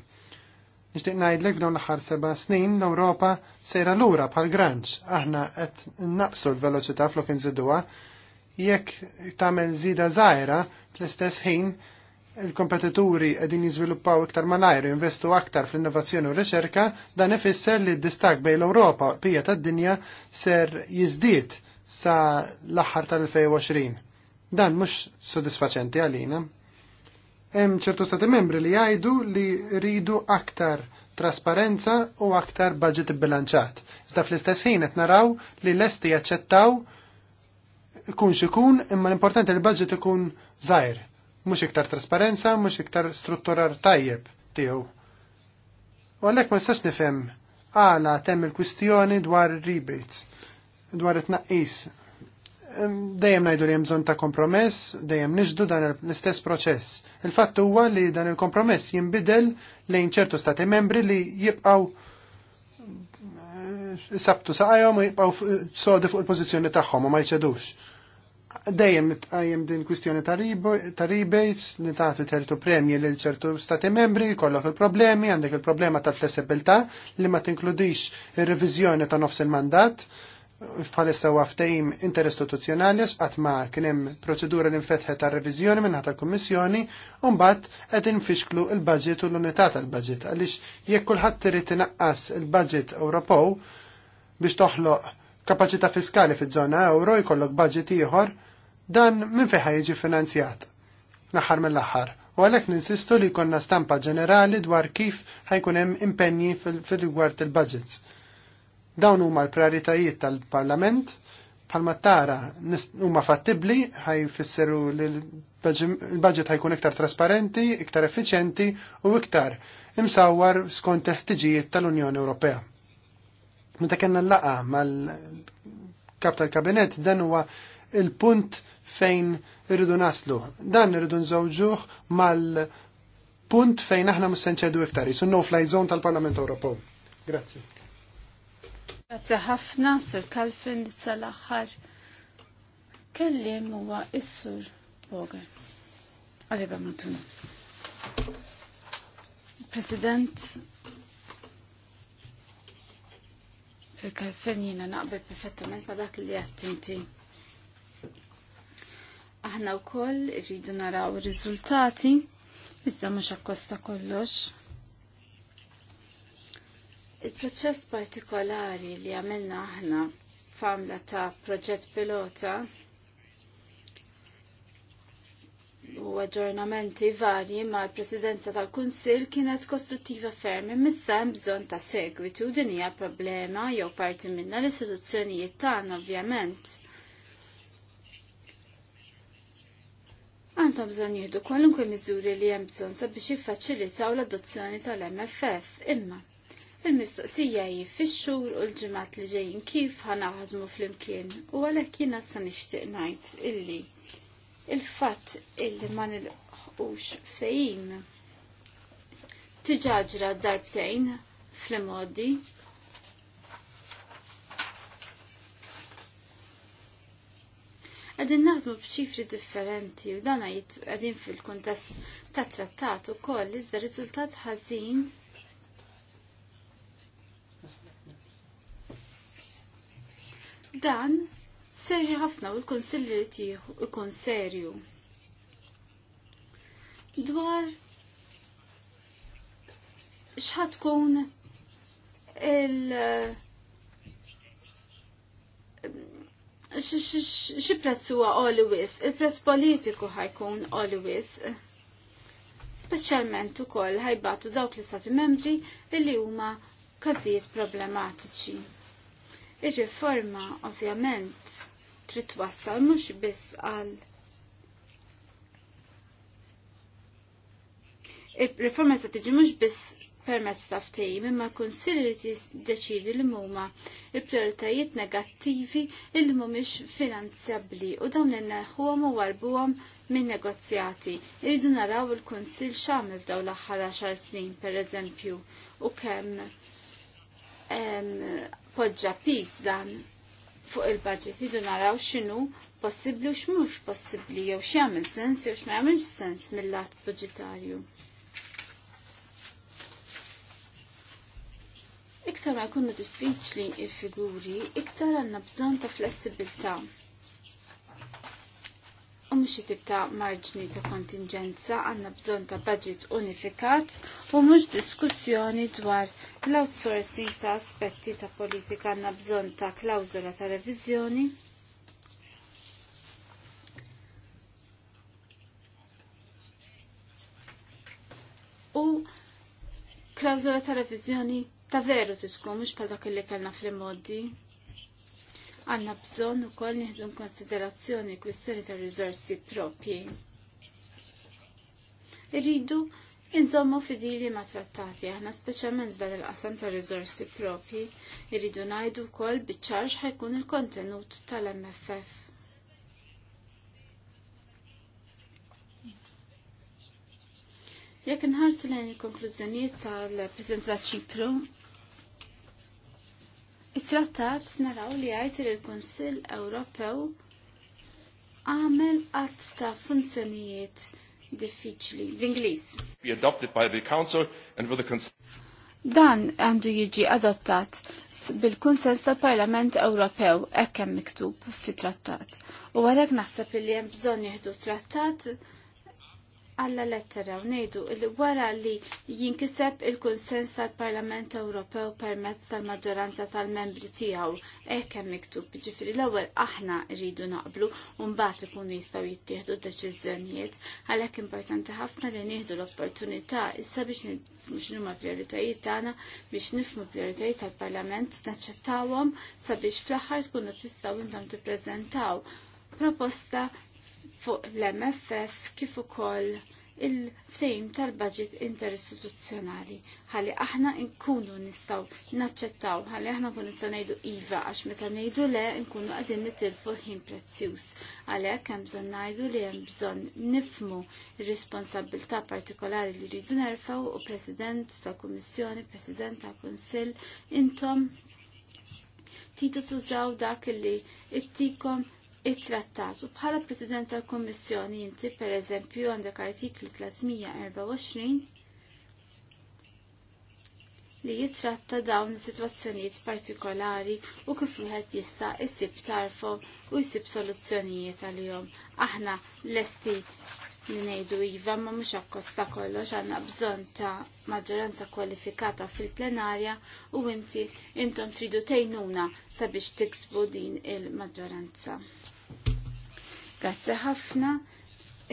Nishtiq ngħidlek f'dawn l-aħħar seba' snin l-Ewropa sejra lura pal granċ Aħna qed naqsu l-veloċità flok inżiduha jekk tagħmel żida żgħira fl-istess ħin il-kompetituri qegħdin jiżviluppaw iktar malajr investu aktar fl-innovazzjoni u r-riċerka, dan ifisser li d-distak bejn l-Ewropa pija tad-dinja ser jiżdied sa l-aħħar tal-2020. Dan mhux sodisfaċenti għalina, Hemm ċertu stati membri li jgħidu li ridu aktar trasparenza u aktar budget bilanċat. Iżda fl-istess ħin qed naraw li lesti jaċċettaw ikun xikun, imma l-importanti li l-budget ikun żgħir. Mhux iktar trasparenza, mhux iktar strutturar tajjeb tiegħu. U għalhekk ma nistax nifhem għala temm il-kwistjoni dwar ir-rebates, dwar it-tnaqqis dejjem ngħidu li hemm bżonn ta' kompromess, dejjem nixdu dan l-istess proċess. Il-fatt huwa li dan il-kompromess jinbidel lejn ċertu stati membri li jibqgħu eh, sabtu saqajhom u jibqgħu sodi fuq il-pożizzjoni tagħhom u ma jċedux. Dejjem tqajjem din kwistjoni ta' rebates li tagħtu ċertu premji li ċertu stati membri, jkollok il-problemi, għandek il-problema tal-flessibilità li ma tinkludix ir-reviżjoni ta' nofs il-mandat bħalissa għaftejm interistituzzjonali għax ma kien hemm proċedura li nfetħet ta' reviżjoni minn ħata l-Kummissjoni u mbagħad qed infixklu l-budget u l-unità tal-budget għaliex jekk kulħadd irid naqqas il-budget Ewropew biex toħloq kapaċità fiskali fiż-żona euro jkollok budget ieħor dan minn fejn jiġi finanzjat l-aħħar mill-aħħar. U għalhekk ninsistu li jkollna stampa ġenerali dwar kif ħajkun hemm impenji fil-rigward il-budgets. Dawn huma l-prioritajiet tal-Parlament bħalma tara huma fattibbli ħajfisseru li l-budget ħajkun iktar trasparenti, iktar effiċenti u iktar imsawwar skont teħtiġijiet tal-Unjoni Ewropea. Meta kellna laqa mal-kap tal-kabinet dan huwa il-punt fejn irridu naslu. Dan irridu nżewġuh mal-punt fejn aħna mistenċedu iktar, jisun no-fly zone tal-Parlament Ewropew. Grazzi. Grazie ħafna, sur Kalfin, sal-axar. Kellim huwa is-sur Boga. Għaliba matuna. President, sur Kalfin jina naqbel perfettament ma dak li għattinti. Aħna u koll irridu naraw rizultati, iżda mux akkosta kollox. Il-proċess partikolari li għamilna aħna famla ta' proġett pilota u aġġornamenti varji ma' l-Presidenza tal-Kunsil kienet kostruttiva fermi missa hemm bżonn ta' segwitu din hija problema jew parti minna l-istituzzjonijiet tagħna ovvjament. Għandhom bżonn jieħdu kwalunkwe miżuri li hemm bżonn sabiex jiffaċilitaw l-adozzjoni tal-MFF imma il-mistoqsija hi xhur u l ġemat li ġejjin kif fl flimkien u għalhekk jiena sa nixtieq ngħid illi il-fatt illi ma nilħqux fejn tiġaġra darbtejn fl-modi għadin naħdmu b'ċifri differenti u dan għadin fil-kontest ta' trattat u koll iżda riżultat ħażin Dan seri ħafna u l-konsill irid ikun serju. Dwar xħat tkun il xi prezz huwa always, il-prezz politiku ħajkun always. Speċjalment ukoll ħajbatu dawk l-istati membri li huma każijiet problematiċi. Ir-riforma ovvjament trid twassal mhux biss għal Il-riforma se tiġi mhux biss permezz ta' ftehim imma l-Kunsill li tiddeċidi li huma l-prijoritajiet negattivi li mhumiex finanzjabbli u dawn inneħħuhom u warbuhom minn negozjati. Iridu naraw il-Kunsill x'għamel f'daw l-aħħar 10 snin pereżempju u kemm poġġa pis dan fuq il-budget jidu naraw xinu possibli u xmux possibbli jew xiamil sens jew x'ma sens mill-lat budgetarju. Iktar ma jkunu diffiċli il-figuri, iktar għandna bżonn ta' flessibilità u mhux tip ta' marġni ta' kontingenza għandna bżonn ta' budget unifikat u mhux diskussjoni dwar l-outsourcing ta' aspetti ta' politika għandna bżonn ta' klawzola ta' reviżjoni. U klawzola ta' revizjoni ta' veru tiskun mhux bħal dak li kellna fl-immoddi. Għanna bżon u koll nieħdu konsiderazzjoni kwistjoni ta' rizorsi propi. Irridu Inżommu fidili ma trattati, aħna speċjalment dal il-qasam ta' rizorsi propi, irridu najdu kol biċċarx ħajkun il-kontenut tal-MFF. Jekk nħarsu lejn il-konklużjonijiet tal-President ta' Ċipru, it-trattat naraw li għajt li l-Konsil Ewropew għamel qatt ta' funzjonijiet diffiċli l ingliż Dan għandu jiġi adottat bil-kunsens tal-Parlament Ewropew hekk hemm miktub fit-trattat. U għalhekk naħseb li hemm bżonn jieħdu trattat għalla lettera u nejdu li wara li jinkiseb il-konsens tal-Parlament Ewropew permezz tal-maġġoranza tal-membri tiegħu hekk eh, hemm miktub ġifri l-ewwel aħna rridu naqblu u mbagħad ikunu jistgħu jittieħdu deċiżjonijiet għalhekk importanti ħafna li nieħdu l-opportunità issa biex mhux huma prijoritajiet tagħna biex nifmu prijoritajiet tal-Parlament naċċettawhom sabiex fl-aħħar tkunu tistgħu intom tippreżentaw proposta fuq l-MFF kif ukoll il-ftejm tal-budget interistituzzjonali ħalli aħna nkunu nistgħu naċċettaw ħalli aħna nkunu nistgħu ngħidu iva għax meta ngħidu le nkunu għadin nitilfu ħin prezzjuż għalhekk hemm bżonn ngħidu li hemm bżonn nifmu r-responsabbiltà partikolari li rridu nerfgħu u President tal-Kummissjoni, President tal-Kunsill intom titu tużaw dak li ittikom it-trattat u bħala President tal-Kommissjoni inti per eżempju għandek artikli 324 li jitratta dawn situazzjonijiet sitwazzjonijiet partikolari u kif wieħed jista' jsib tarfhom u jsib soluzzjonijiet għalihom. Aħna lesti li ngħidu iva ma mhux akkosta kollox għandna bżonn ta' maġġoranza kwalifikata fil-plenarja u inti intom tridu tejnuna sabiex tiktbu din il-maġġoranza. Grazzi ħafna.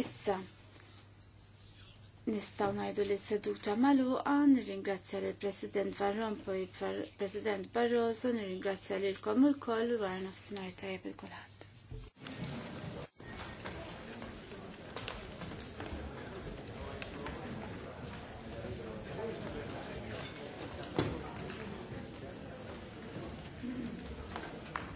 Issa nistaw najdu li seduta maluqa, nirringrazzja l president Van Rompuy, President Barroso, nirringrazzja l-kom u l-koll u għarna f-sinar tajab il-kolħat.